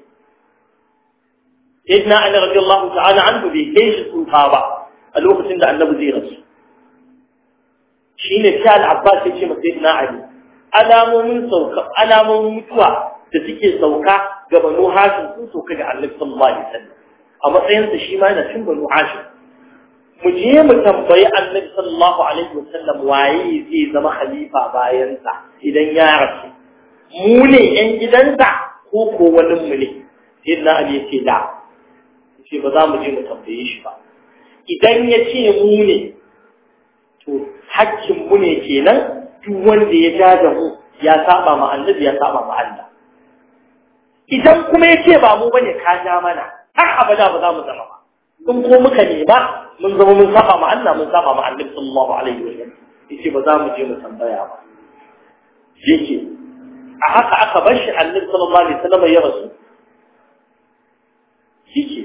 سيدنا علي رضي الله تعالى عنه بيش الصحابة الوقت عند النبي زي رسول شيء نتيجة العباس يجي سيدنا علي alamomin sauka alamomin mutuwa da suke sauka ga banu hashim sun sauka ga annabi sallallahu alaihi wasallam a matsayin sa shi ma yana cin banu hashim mu je mu tambayi annabi sallallahu alaihi wasallam waye zai zama khalifa bayan sa idan ya rasu mu ne yan gidansa ko ko wani mu ne sai na ali ce da ce ba za mu je mu tambaye shi ba idan ya ce mu ne to hakkin mu ne kenan duk wanda ya ja da mu ya saba ma annabi ya saba ma Allah idan kuma ya ce ba mu bane ka ja mana har abada ba za mu zama ba in ko muka ne ba mun zama mun saba ma Allah mun saba ma annabi sallallahu alaihi wa sallam yace ba za mu je mu tambaya ba yake a haka aka bar shi annabi sallallahu alaihi wa sallam ya rasu yake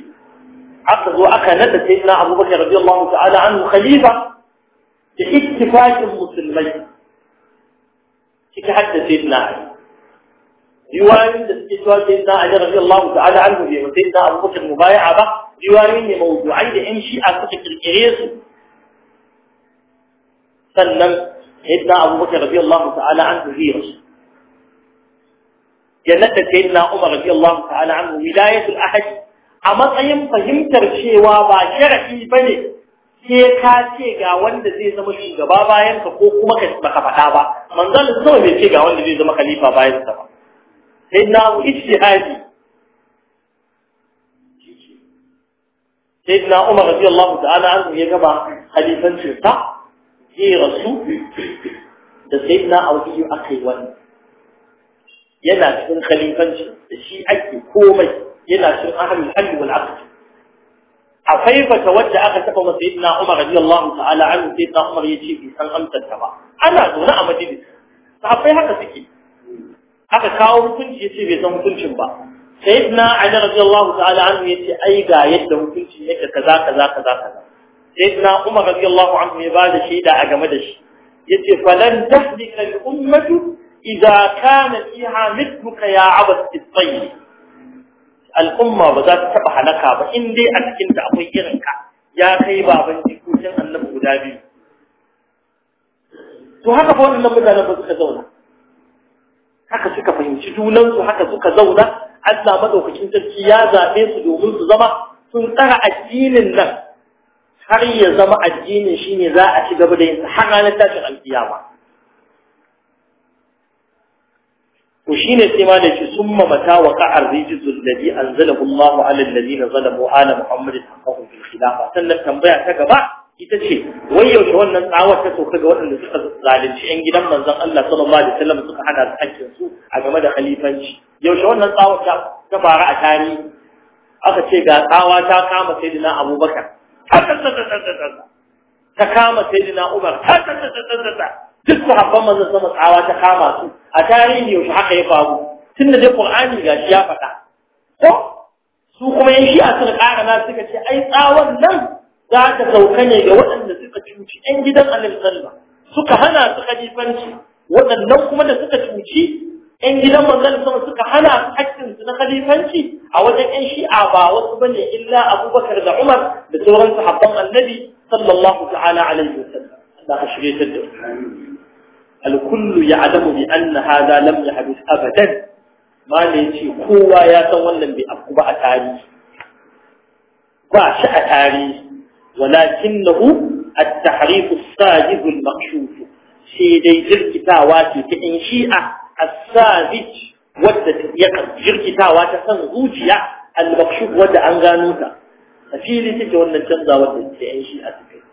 aka zo aka nada sayyidina Abubakar radiyallahu ta'ala anhu khalifa da ittifaqin musulmai تحدى سيدنا علي يوارد استثوار سيدنا علي رضي الله تعالى عنه في سيدنا أبو بكر مبايعة يوارد موضوعي لأن شيء أفتك الكريس سلم سيدنا أبو بكر رضي الله تعالى عنه في رشد جنة سيدنا عمر رضي الله تعالى عنه ولاية الأحد أما أيام طيب فهمت الشيء وابا شرعي بني sai ka ce ga wanda zai zama shugaba bayan ka ko kuma ka baka faɗa ba manzon Allah bai ce ga wanda zai zama khalifa bayan ka ba sai na ishihadi sai na Umar radiyallahu ta'ala an ya gaba khalifancin sa ya rasu da sai na Aliyu akai wani. yana cikin khalifanci da shi ake komai yana cikin ahlul hal wal aqd akwai bata wadda aka taɓa masa sayyidina Umar radiyallahu ta'ala anhu sai ta Umar yace bi san amsar ta ba ana zaune a majalis sahabbai haka suke aka kawo hukunci yace bai san hukuncin ba sayyidina Ali radiyallahu ta'ala anhu yace ai ga yadda hukuncin yake kaza kaza kaza kaza sayyidina Umar radiyallahu anhu ya bada shaida a game da shi yace falan tahdika al-ummatu idza kana fiha mithluka ya abas as-sayyid al'umma ba za ta taba halaka ba in dai a cikin ta akwai irin ka ya kai baban jikokin annabi guda biyu to haka fa wannan mutane ba suka zauna haka suka fahimci junansu haka suka zauna Allah madaukakin sarki ya zaɓe su domin su zama sun tsara addinin nan har ya zama addinin shine za a ci gaba da yin har ranar tashin alkiyama to shine sai ma da shi summa mata wa qa'ar rijzu alladhi anzalahu Allahu 'ala alladhina zalamu 'ala Muhammadin haqqahu fil khilafa sannan tambaya ta gaba ita ce wai yaushe wannan tsawar ta soka ga waɗanda suka zalunci yan gidan manzon Allah sallallahu alaihi wasallam suka hada su hakkin su a game da khalifanci yaushe wannan tsawar ta ta fara a tarihi aka ce ga tsawa ta kama sayyidina Abubakar ta kama sayyidina Umar ta duk sahabban manzon sama tsawa ta kama su a tarihi yaushe haka ya faru tun da dai qur'ani gashi ya faɗa ko su kuma yan shi'a suka ƙara na suka ce ai tsawon nan za ta sauka ne ga waɗanda suka cuci ɗan gidan annabi sallallahu suka hana su khalifanci waɗannan kuma da suka cuci ɗan gidan manzon sama suka hana su haƙƙin su na khalifanci a wajen yan shi'a ba wasu bane illa abubakar da umar da sauran sahabban annabi sallallahu ta'ala alaihi wasallam Allah ka shirye ta da الكل يعلم بأن هذا لم يحدث أبدا ما ليتي قوة يتولى بأقوى أتاري باش أتاري ولكنه التحريف الساجد المكشوف سيدي جركتاوات كإنشيئة الساجد wadda jirkitawa ta san zuciya al-makshuf wadda an gano ta a fili take wannan canzawar da ke yan shi a cikin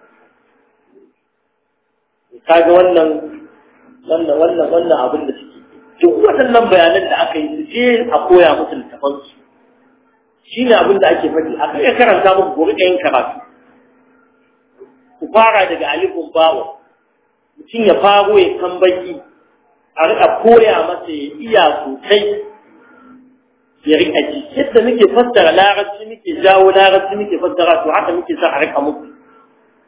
kaga wannan wannan wannan wannan abin da suke duk waɗannan bayanan da aka yi su je a koya musu littafan su shine abin da ake faɗi a kai karanta muku gobe ɗayan karatu ku fara daga alifun bawo mutum ya faro ya kan baki a riƙa koya masa ya iya sosai ya riƙa ji yadda muke fassara larabci muke jawo larabci muke fassara to haka muke sa a riƙa muku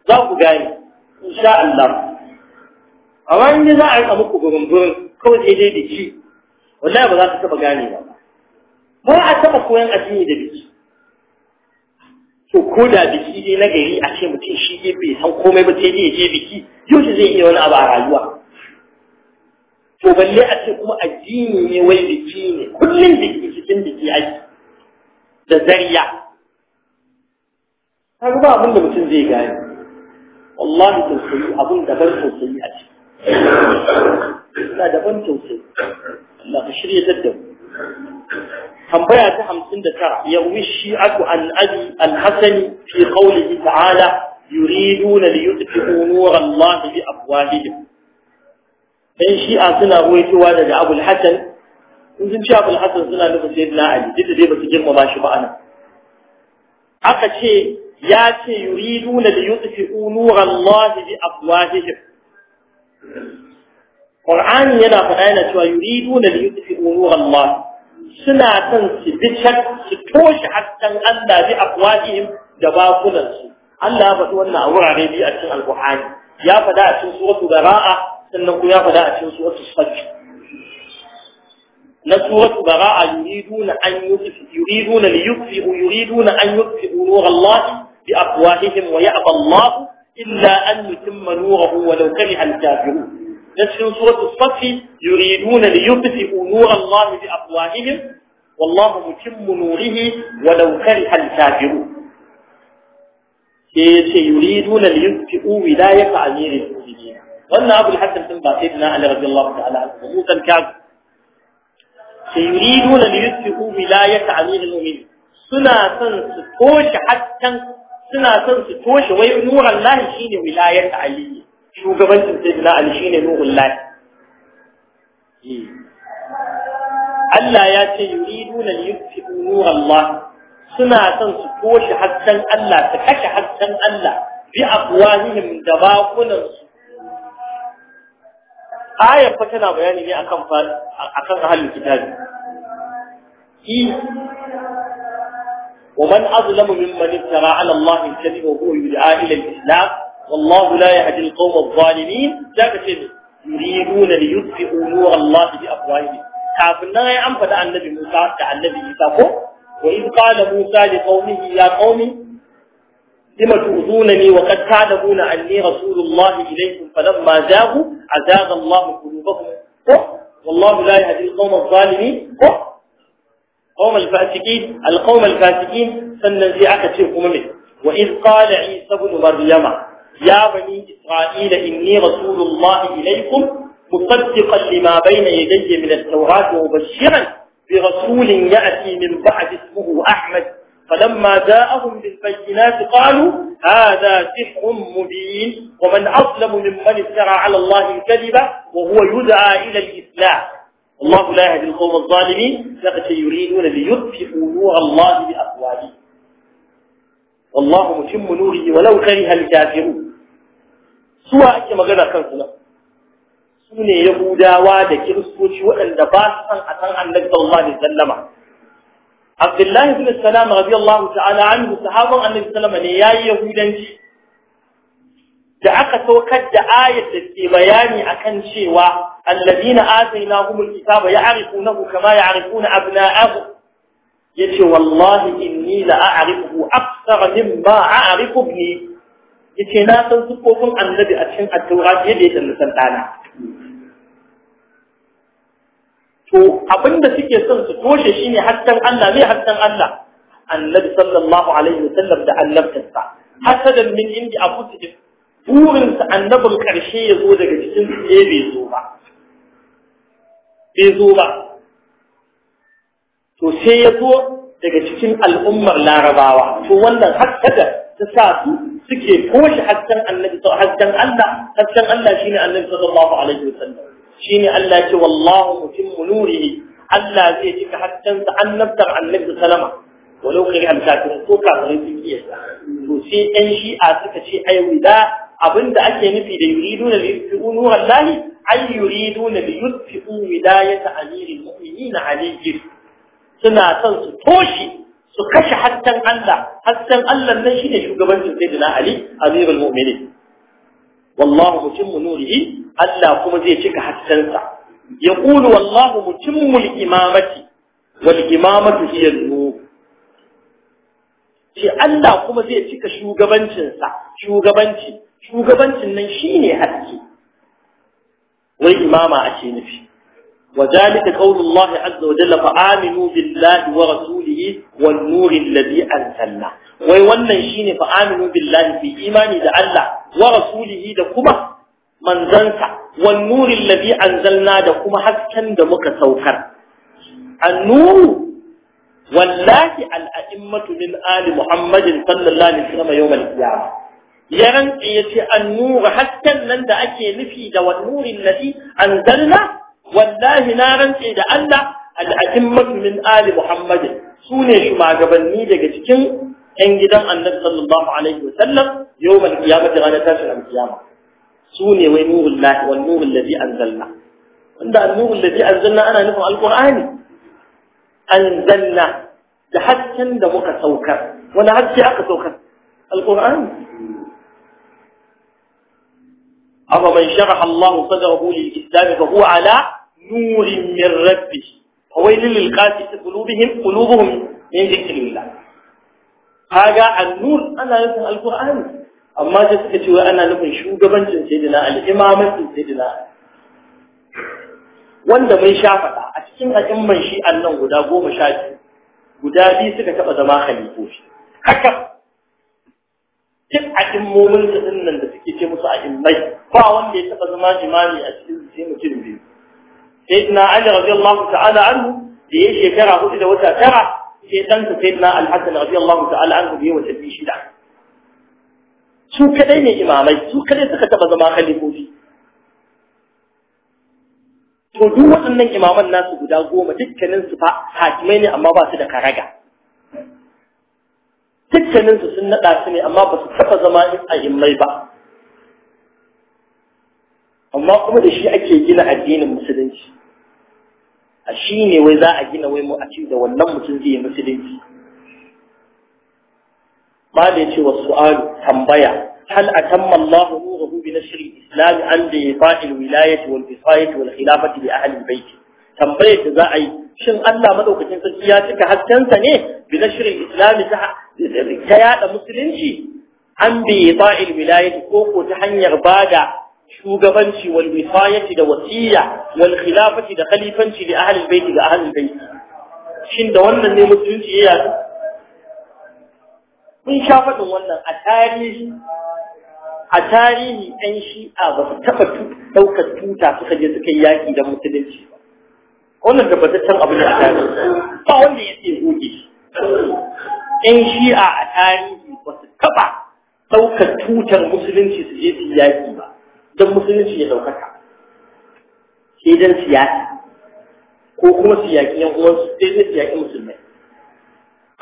za ku gane insha Allah a wani za a rika muku gurumburin kawai daidai da shi wallahi ba za ka taɓa gane ba ba a taba koyan addini da biki to ko da biki dai na gari a ce mutum shi ya bai san komai ba sai dai ya je biki yau zai iya wani abu a rayuwa to balle a ce kuma addini ne wai biki ne kullum da ke cikin biki aiki. da zariya Ta ba abin da mutum zai gane wallahi tausayi abin da bar tausayi a ciki ina da ban tausayi Allah ka shirya da mu tambaya ta tara. ya wishi aku an abi al-hasani fi qawlihi ta'ala yuriduna li yutfi'u nur Allah bi afwahihim dan shi'a suna ruwaitowa daga Abu al-Hasan in sun ce Abu hasan suna nufin Sayyidina Ali duk da dai ba su girmama shi ba anan aka ce ya ce yuriduna li yutfi'u nur Allah bi afwahihim Qur'ani yana faɗa yana cewa yuriduna li yutfi'u nur Allah suna son su bi su toshe hakkan Allah bi afwahihim da bakunan su Allah ya faɗi wannan a wurare biyu a cikin Al-Qur'ani ya faɗa a cikin suratul Bara'a sannan kuma ya faɗa a cikin suratul Sajj na suratul Bara'a yuriduna an yutfi'u yuriduna li yutfi'u yuriduna an yutfi'u nur Allah bi afwahihim wa ya'ba Allah إلا أن يتم نوره ولو كره الكافرون نفس سورة الصف يريدون ليطفئوا نور الله بأفواههم والله متم نوره ولو كره الكافرون يريدون ليطفئوا ولاية أمير المؤمنين وأن أبو الحسن تنبع سيدنا علي رضي الله تعالى عنه موسى الكاذب يريدون ليطفئوا ولاية أمير المؤمنين سنة سنة سنة toshe suna son su toshe wai nuran lahi shine wilayar ali shugabancin sayyidina ali shine nurul lahi eh. Allah ya ce yuriduna liyutfi'u nuran lahi suna son su toshe hasken Allah su kashe hasken Allah bi afwahihim da bakunan su fa tana bayani ne akan akan ahlul kitabi ومن أظلم ممن افترى على الله الكذب وهو يدعى إلى الإسلام والله لا يهدي القوم الظالمين ذاك يريدون ليطفئوا نور الله بأفواههم كافرنا يا أم فدع النبي موسى كالنبي عيسى وإذ قال موسى لقومه يا قوم لم تؤذونني وقد تعلمون أني رسول الله إليكم فلما زاغوا أزاغ الله قلوبهم والله لا يهدي القوم الظالمين قوم الفاسقين القوم الفاسقين فالنزيع كثير قممه وإذ قال عيسى بن مريم يا بني إسرائيل إني رسول الله إليكم مصدقا لما بين يدي من التوراة ومبشرا برسول يأتي من بعد اسمه أحمد فلما جاءهم بالبينات قالوا هذا سحر مبين ومن أظلم ممن افترى على الله الكذب وهو يدعى إلى الإسلام والله لا يهدي القوم الظالمين لقد يريدون ليطفئوا نور الله بأفواههم والله متم نوره ولو كره الكافرون سوى أكي مغنى كنسنا سنة يهودا وادا كرسوش وأن دباسا أتنع النبي صلى الله عليه وسلم عبد الله بن السلام رضي الله تعالى عنه صحابا النبي صلى الله عليه وسلم يهودا da aka saukar da ayat da ke bayani akan cewa الذين آتيناهم الكتاب يعرفونه كما يعرفون أبناءهم يتي والله إني لأعرفه أكثر مما أعرف ابني يتي لا تنسقكم عن نبي أتحن التوراة يدي النسلطانة to abinda suke son su toshe shine hakkan Allah ne hakkan Allah annabi sallallahu alaihi wasallam da annabtarsa hasadan min indi afusihim burin sa annabin karshe ya zo daga cikin su bai zo ba bai zo ba to sai ya zo daga cikin al'ummar larabawa to wannan haskada ta sa su suke koshe hasken annabi to hasken Allah hasken Allah shine annabi sallallahu alaihi wasallam shine Allah ce wallahu Allah zai cika hasken sa annabtar annabi sallama to sai ɗan shi'a suka ce ai abinda ake nufi da yuridu li ay yuriduna li yutfi'u wilayata amiril mu'minina alayhi suna son su toshi su kashe hasken Allah hasken Allah nan ne shugabancin sayyidina Ali amirul mu'minin wallahu mutimmu nurihi Allah kuma zai cika haskensa yaqulu wallahu mutimmu al-imamati wal imamatu hiya nur shi Allah kuma zai cika shugabancinsa shugabanci shugabancin nan shine haske wai imama ake nufi وذلك قول الله عز وجل فآمنوا بالله ورسوله والنور الذي أنزلنا wai wannan shine fa aminu billahi fi imani da Allah wa rasulihi da kuma manzansa wan nuril ladhi anzalna da kuma hasken da muka saukar annuru wallahi al a'immatu min ali muhammadin sallallahu alaihi wasallam yawm al qiyamah ya rantse ya ce an nura hasken nan da ake nufi da wannurin nadi an zalla wallahi na rantse da Allah al'adimmat min ali muhammadin su ne shugabanni daga cikin ‘yan gidan annabi sallallahu alaihi wa sallam yau mal kiyama ta ranar tashin alkiyama su ne wai nurul lahi wal nurul an anzalna wanda nurul ladhi anzalna ana nufin alqur'ani anzalna da hasken da muka saukar wani haske aka saukar alqur'ani أما من شرح الله صدره للإسلام فهو على نور من ربه فويل للقاسية قلوبهم قلوبهم من ذكر الله هذا النور أنا يفهم القرآن أما جسكت وأنا نفهم شو قبل سيدنا الإمامة سيدنا wanda mai shafada a cikin al'umman shi annan guda goma sha biyu guda biyu suka taɓa zama khalifofi haka duk al'ummomin su nan da su a immai ba wanda ya taba zama imami a cikin sai mutum biyu sayyidina ali radiyallahu ta'ala anhu da ya shekara hudu da wata tara sai dan sa sayyidina al-hasan radiyallahu ta'ala anhu biyu wata biyu shida su kadai ne imamai su kadai suka taba zama khalifofi to duk waɗannan imaman nasu guda goma dukkanin su fa hakimai ne amma ba su da karaga dukkanin su sun naɗa su ne amma ba su taɓa zama a immai ba amma kuma da shi ake gina addinin musulunci a shi ne wai za a gina wai mu a ci da wannan mutum zai yi musulunci ma da ya ce wa su'alu tambaya Islam, an الله نوره بنشر الإسلام عن دفاع الولاية والوصاية والخلافة لأهل البيت tambayar da za a yi shin Allah madaukakin sarki ya cika haskensa ne bi na shirin islami ta yada musulunci an bi ba'il wilayati ko ko ta hanyar bada shugabanci wal wifayati da wasiya wal khilafati da khalifanci da ahlul baiti ga ahlul baiti shin da wannan ne mutunci ya mun sha faɗin wannan a tarihi a tarihi ɗan shi'a ba su taɓa ɗaukar tuta suka je suka yi yaƙi don musulunci wannan tabbataccen abu ne a tarihi ba wanda ya ce goge ɗan shi'a a tarihi ba su taɓa ɗaukar tutar musulunci su je su yi yaƙi ba don musulunci ya ɗaukaka sai don siyasi ko kuma siyaki yan uwansu sai dai su siyaki musulmai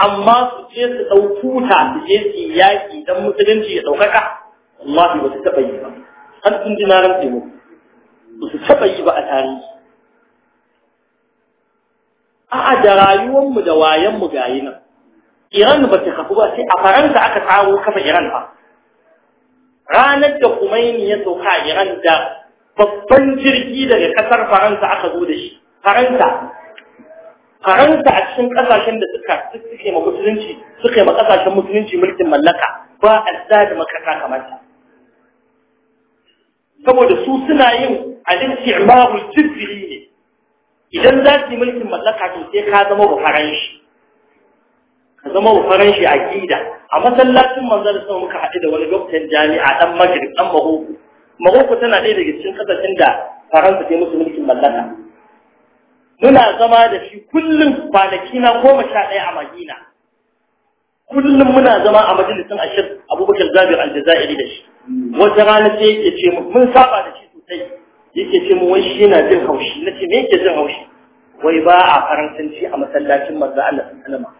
amma su ce su ɗau tuta su je su yaƙi don musulunci ya ɗaukaka amma ba su taɓa yi ba har sun ji naran taimako ba su taɓa yi ba a tarihi a'a da rayuwarmu da wayanmu gayi nan Iran ba ta kafu ba sai a Faransa aka tsaro kafa Iran ba ranar da kumaini ya sauka a iran da babban jirgi daga kasar faransa aka zo da shi faransa faransa a cikin kasashen da suka suke ma musulunci suka ma kasashen musulunci mulkin mallaka ba azza da makasa ta. saboda su suna yin al-istimaru jirgi ne idan za su yi mulkin mallaka to sai ka zama ba faranshi ka zama wufaran shi aqida a masallacin manzon sai muka haɗu da wani gwamnatin jami'a dan magrib dan mahoko mahoko tana ɗaya daga cikin kasashen da faransa ta musu mulkin mallaka muna zama da shi kullum kwanaki na goma sha ɗaya a madina kullum muna zama a majalisin ashir abubakar zabir aljazairi da shi wata rana sai yake ce mu mun saba da shi sosai yake ce mu wai shi yana jin haushi nace me yake jin haushi wai ba a faransanci a masallacin manzo Allah sallama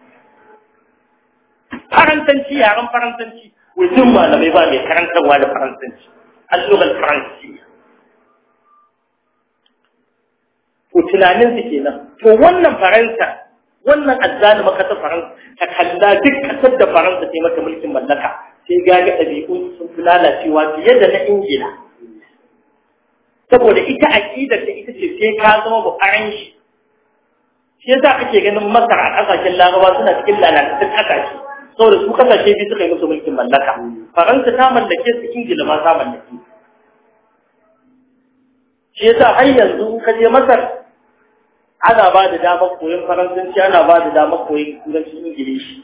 faransanci yaren faransanci wajen malamai ba mai karantarwa da faransanci allugar Faransanci. Ko tunanin su nan, to wannan faransa wannan azzalima kasar faransa ta kalla duk kasar da faransa ta yi mata mulkin mallaka sai gaga ɗabi'un sun fi lalacewa fiye da na ingila saboda ita aƙidar ta ita ce sai ka zama bukaran shi shi yasa kake ganin masar a ƙasashen larabawa suna cikin ta ƙasashe saboda su kasashe biyu suka yi musu mulkin mallaka faransa ta mallake su ingila ma ta mallake shi yasa har yanzu ka je masar ana ba da damar koyon faransanci ana ba da damar koyon turancin ingilishi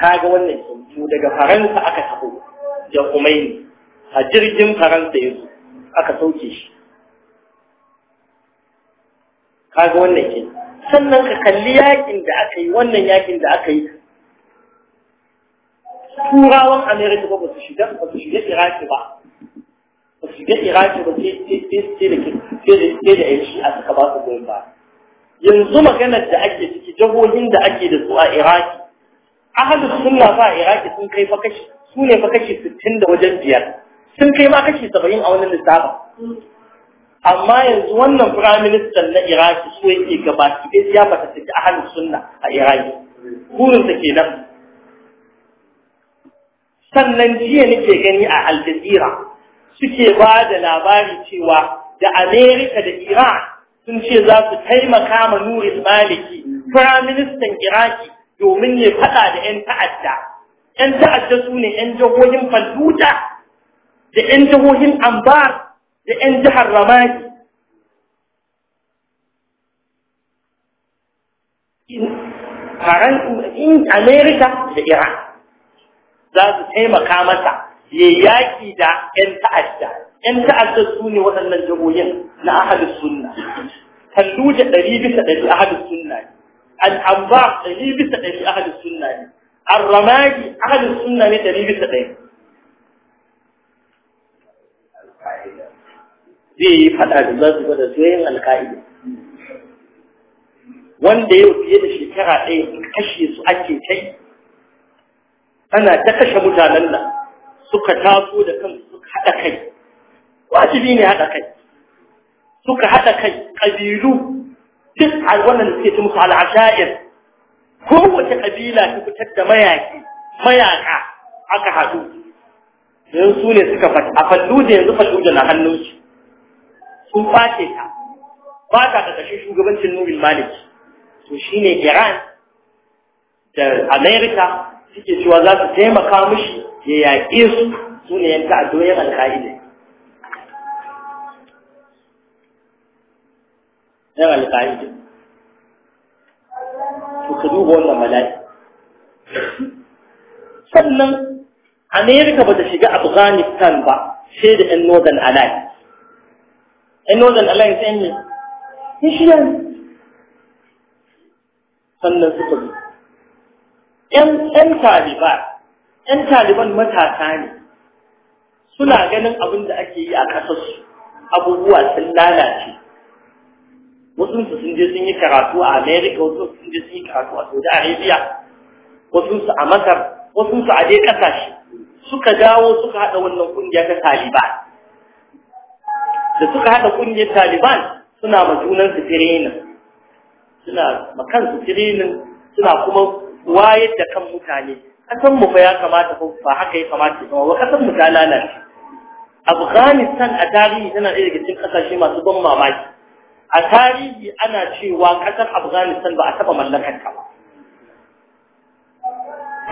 Ka ga wannan kintu daga faransa aka taho da kuma yi a jirgin faransa yanzu aka sauke shi ga wannan kintu sannan ka kalli yakin da aka yi wannan yakin da aka yi turawan amerika ba su shiga ba su shiga iraki ba ba su shiga iraki ba sai da yan shi'a suka ba su goyon ba yanzu maganar da ake ciki jahohin da ake da su a iraki ahalus sunna fa a iraki sun kai fa kashi su ne fa kashi sittin da wajen biyar sun kai ma kashi saba'in a wani lissafin amma yanzu wannan firaministan na iraki so yake gabaki ɗaya ya fata take ahalin sunna a iraki ke kenan sannan jiya nake gani a al suke ba da labari cewa da amerika da iran sun ce za su taimaka ma nurin maliki firaministan iraki domin ya faɗa da ƴan ta'adda 'yan ta'adda su ne ƴan jihohin da 'yan jihohin ambar da 'yan jihar ramadi in amerika da iran za su taimaka masa ya yaƙi da 'yan ta'adda 'yan ta'adda su ne waɗannan na ahadus sunna kalluja ɗari bisa ɗari ahadus sunna ne al'amba ɗari bisa ɗari ahadus sunna ne الرمادي أهل السنة لتريب السقيم zai yi fada da za su gwada soyayyen alka'ida wanda yau fiye da shekara ɗaya in kashe su ake kai ana ta kashe mutanen nan suka taso da kansu suka haɗa kai wajibi ne haɗa kai suka haɗa kai ƙabilu duk a wannan suke ta musu ko kowace ƙabila ta fitar da mayaƙi mayaƙa aka haɗu yanzu su ne suka faɗi a fallu da yanzu fallu da na hannunsu kun face ta ba ta ƙarƙashin shugabancin nurin maliki to shine iran da america suke cewa za su taimaka mushi ya yaƙe su su ne yanka a doyen alƙa'ida yan alƙa'ida to ka duba wannan malayi sannan america ba ta shiga afghanistan ba sai da yan northern alliance ‘yan Northern Alliance ‘yan ne, ‘yan ne, sannan suka bi. ‘Yan Taliban, ‘yan Taliban matasa ne, suna ganin abin da ake yi a su abubuwa sun lalace. Wasu sun je sun yi karatu a Amerika, wasu sun je sun yi karatu a Saudi Arabia, wasu su a Masar, wasu su a dai ƙasashe. Suka dawo suka haɗa wannan ƙungiya ta Taliban. da suka haɗa ƙungiyar taliban suna ma junansu tirenin suna ma kansu tirenin suna kuma wayar da kan mutane Ƙasan mu fa ya kamata ko ba haka ya kamata ba ba ƙasan mu ta lalace afghanistan a tarihi tana ɗaya daga cikin ƙasashe masu ban mamaki a tarihi ana cewa ƙasar afghanistan ba a taɓa mallakar ta ba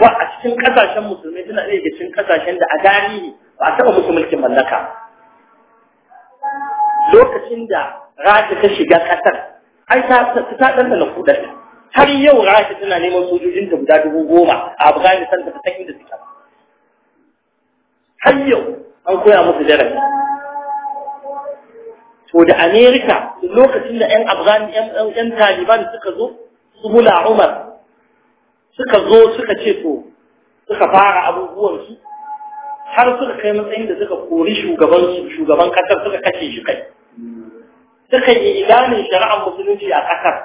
ba a cikin ƙasashen musulmi tana ɗaya daga cikin ƙasashen da a tarihi ba a taɓa musu mulkin mallaka lokacin da rasha ta shiga ƙasar ai ta na kuɗaɗe har yau rasha tana neman sojojin ta guda dubu goma a afghanistan da take inda suka har yau an koya musu darasi to da amerika lokacin da 'yan ƴan 'yan taliban suka zo su bula umar suka zo suka ce to suka fara abubuwan su har suka kai matsayin da suka kori shugaban kasar suka kashe shi kai suka yi idanun shari'ar musulunci a ƙasar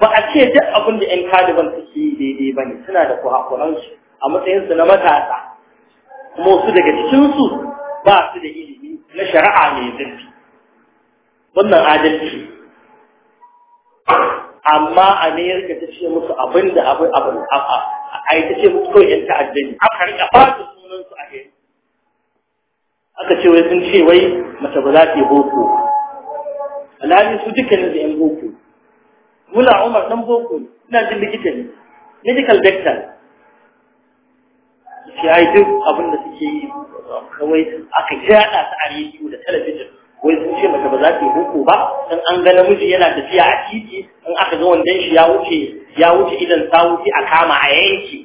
ba a ce duk abin da 'yan kaliban suke yi daidai ba ne suna da kurakuransu a matsayinsu na matasa kuma su daga cikinsu ba su da ilimi na shari'a mai zurfi wannan adalci amma amerika ta ce musu abin da abin abin a yi ta ce musu kawai 'yan ne. aka rika ba su sunansu a gari aka ce wai sun ce wai mace ba za ta yi boko alhali su dukkanin da yan boko mula umar dan boko ina jin likita ne medical doctor shi ai duk abin da suke yi kawai aka jada su a rediyo da talabijin wai sun ce mata ba za ta yi boko ba in an ga namiji yana tafiya a titi in aka ga wanda shi ya wuce ya wuce idan ta wuce a kama a yanki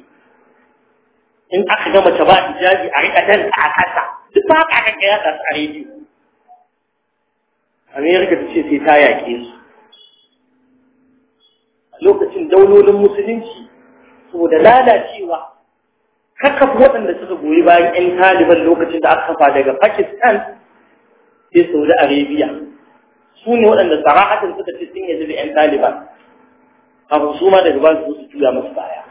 in aka ga mace ba hijabi a riƙa danta a kasa duk ba ka ga ya su a rediyo amerika ta ce sai ta yaƙe su a lokacin daulolin musulunci saboda lalacewa kakaf waɗanda suka goyi bayan 'yan taliban lokacin da aka kafa daga pakistan sai saudi arabia su ne waɗanda sara'atan suka ce sun yi da 'yan taliban kafin su ma daga su su baya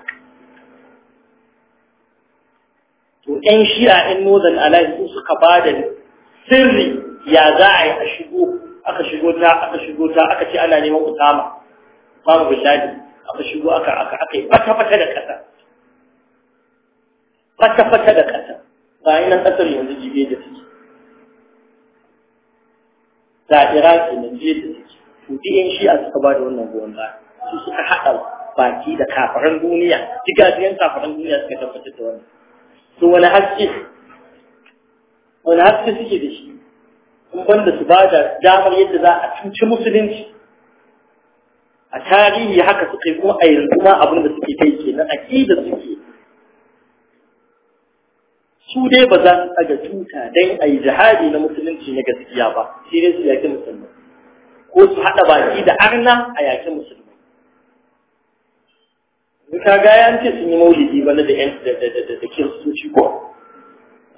to 'yan shi'a 'yan northern alliance su suka ba da sirri ya za a yi a shigo aka shigo ta aka shigo ta aka ce ana neman Usama babu bin aka shigo aka aka aka yi fata fata da kasa fata fata da kasa ba ina kasar yanzu jibe da take da Iraki ne jibe da take to in shi a suka ba da wannan gowon ba su suka haɗa baki da kafaran duniya jigajiyan kafaran duniya suka tabbatar da wannan to wani haske wani haske suke da shi wanda da su ba da damar yadda za a cuci musulunci a tarihi haka suke kuma a yanzu ma abin da suke kai ke na aƙidar suke su dai ba za su tsaga tuta don a yi jihadi na musulunci na gaskiya ba sai dai su yaƙi musulmi ko su haɗa baki da arna a yaƙi musulmi Duka gaya an ce sun yi maulidi na da da kiristoci ko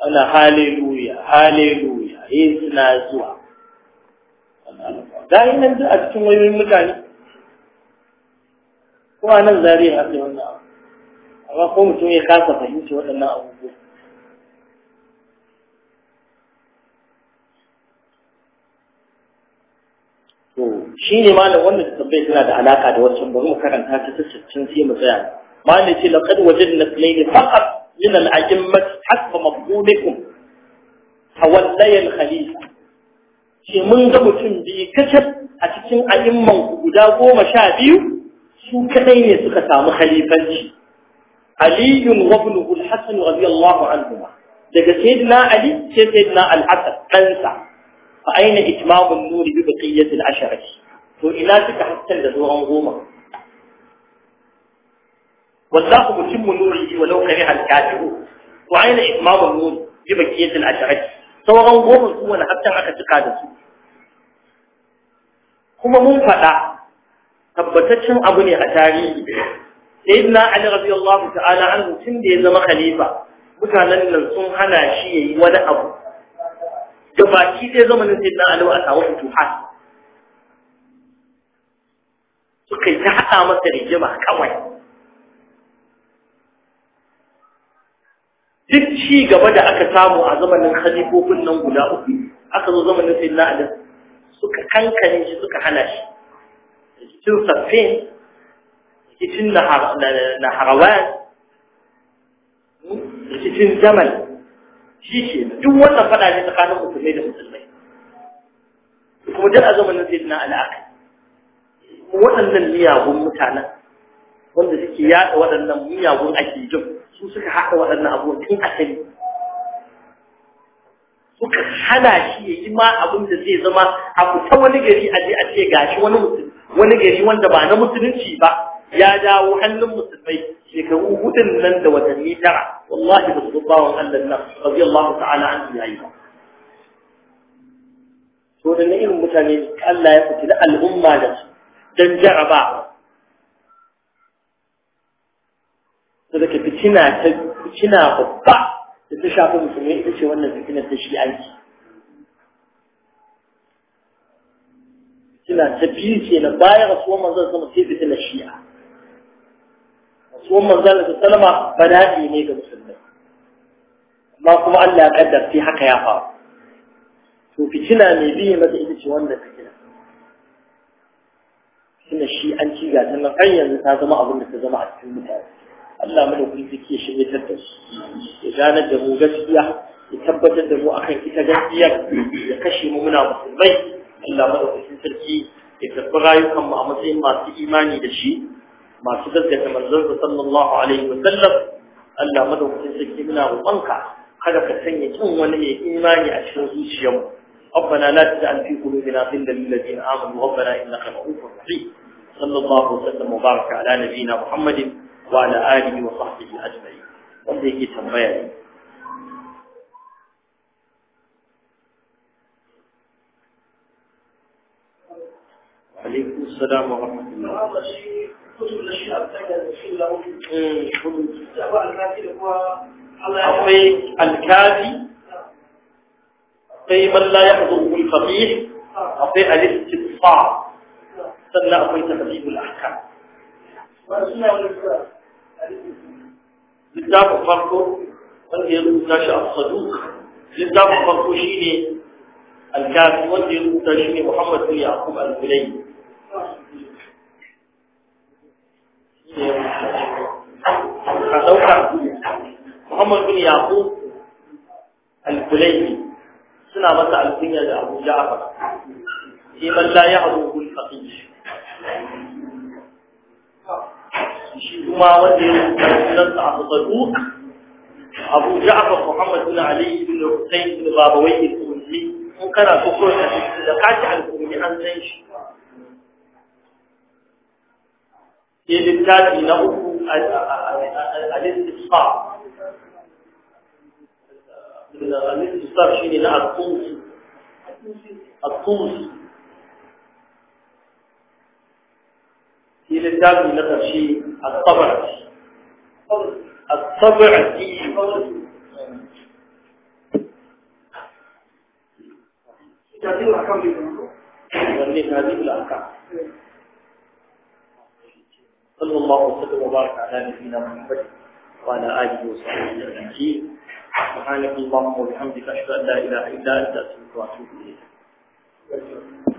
ana haleluya haleluya yi suna zuwa ga nan duk a cikin wayoyin mutane kuma nan zariya har da wannan abu amma ko mutum ya kasa fahimci waɗannan abubuwa to shi ne malam wannan tambayar tana da alaka da wasu bari mu karanta ta ta sai mu tsaya malam ce laqad wajadna ilayhi faqat من الأئمة حسب مفهومكم تولي الخليفة shi mun ga mutum biyu kacal a cikin a'imman guda goma sha biyu su kadai ne suka samu khalifanci Aliyu wa ibnuhu al-hasan daga sayyidina ali sai sayyidina al-hasan ɗansa fa aina itmamun nuri bi baqiyatil asharati to ina suka hasken da zuwan goma wallahu mutimmu nurihi walau kariha al-kafirun to aina itmamun nur bi bakiyatil ash'ari sauran goma su wani haftan aka cika da su kuma mun faɗa tabbataccen abu ne a tarihi sayyidina ali radiyallahu ta'ala an tun da ya zama khalifa mutanen nan sun hana shi yayi wani abu da baki ɗaya zamanin sayyidina ali a samu futuhat suka yi ta haɗa masa rigima kawai duk ci gaba da aka samu a zamanin halifofin nan guda uku aka zo zamanin sai Ali suka kankane shi suka hana shi cikin saffin cikin naharawan rikicin zaman, shi ke duk wannan fada ne tsakanin musulmai da musulmai kuma duk a zamanin sai na al'aka waɗannan miyagun mutanen wanda suke yaɗa waɗannan miyagun ake jin. su suka haka waɗannan abubuwan tun asali suka hana shi ya yi ma abin da zai zama a ta wani gari a je a ce gashi wani mutum wani gari wanda ba na musulunci ba ya dawo hannun musulmai shekaru hudun nan da watanni tara wallahi da su bawan Allah nan radiyallahu ta'ala an yayi ba to da irin mutane Allah ya fiti da al'umma da su dan jaraba fitina ta fitina babba da ta shafi musulmi ita ce wannan fitina ta shi'anci fitina ta biyu ce na bayan rasuwar manzon sama sai fitinar shi'a rasuwar manzon da sallama bala'i ne ga musulmai amma kuma Allah ya kaddarci haka ya faru to fitina mai biye mata ita ce wannan fitina fitina shi an ci ga ta nan har yanzu ta zama abin da ta zama a cikin mutane Allah mu da kun take shirye ta da su ya gane da mu gaskiya ya tabbatar da mu akan ita gaskiya ya kashe mu muna musulmai Allah mu da kun sarki ya tabbar rayukan mu a matsayin masu imani da shi masu gaskata manzon sallallahu alaihi wa sallam Allah mu da kun sarki muna roƙonka kada ka sanya kin wani mai imani a cikin zuciyarmu ربنا لا تجعل في قلوبنا غلا للذين امنوا ربنا انك رؤوف رحيم صلى الله وسلم وبارك على نبينا محمد وعلى آله وصحبه أجمعين وفي كتاب غيره عليكم السلام ورحمة الله الكاذي قيما لا يحضره الخبيح أعطي الاستقصاء سنة أعطي تقديم الأحكام littafin farko wanda ya rubuta shi a saduk littafin farko shi ne alkafi wanda ya rubuta shi ne muhammad bin yaqub al-bulay ka dauka muhammad bin yaqub al-bulay suna masa alkunya da abu ja'far shi man la ya'rufu al-faqih وما وجدت لنت عبدالوك أبو جعفر محمد بن علي بن حسين بن غابوي الكومنسي وكان فكرنا لقاتع الكومنسي عن نيش يجب كان ينقف الاستقصاء الاستقصاء شيني لا الطوز الطوز في للتالي نقر شيء الطبع الطبع هذه الأحكام صلى الله وسلم وبارك على نبينا محمد وعلى آله وصحبه أجمعين سبحانك اللهم وبحمدك أشهد أن لا إله إلا أنت أستغفرك وأتوب إليك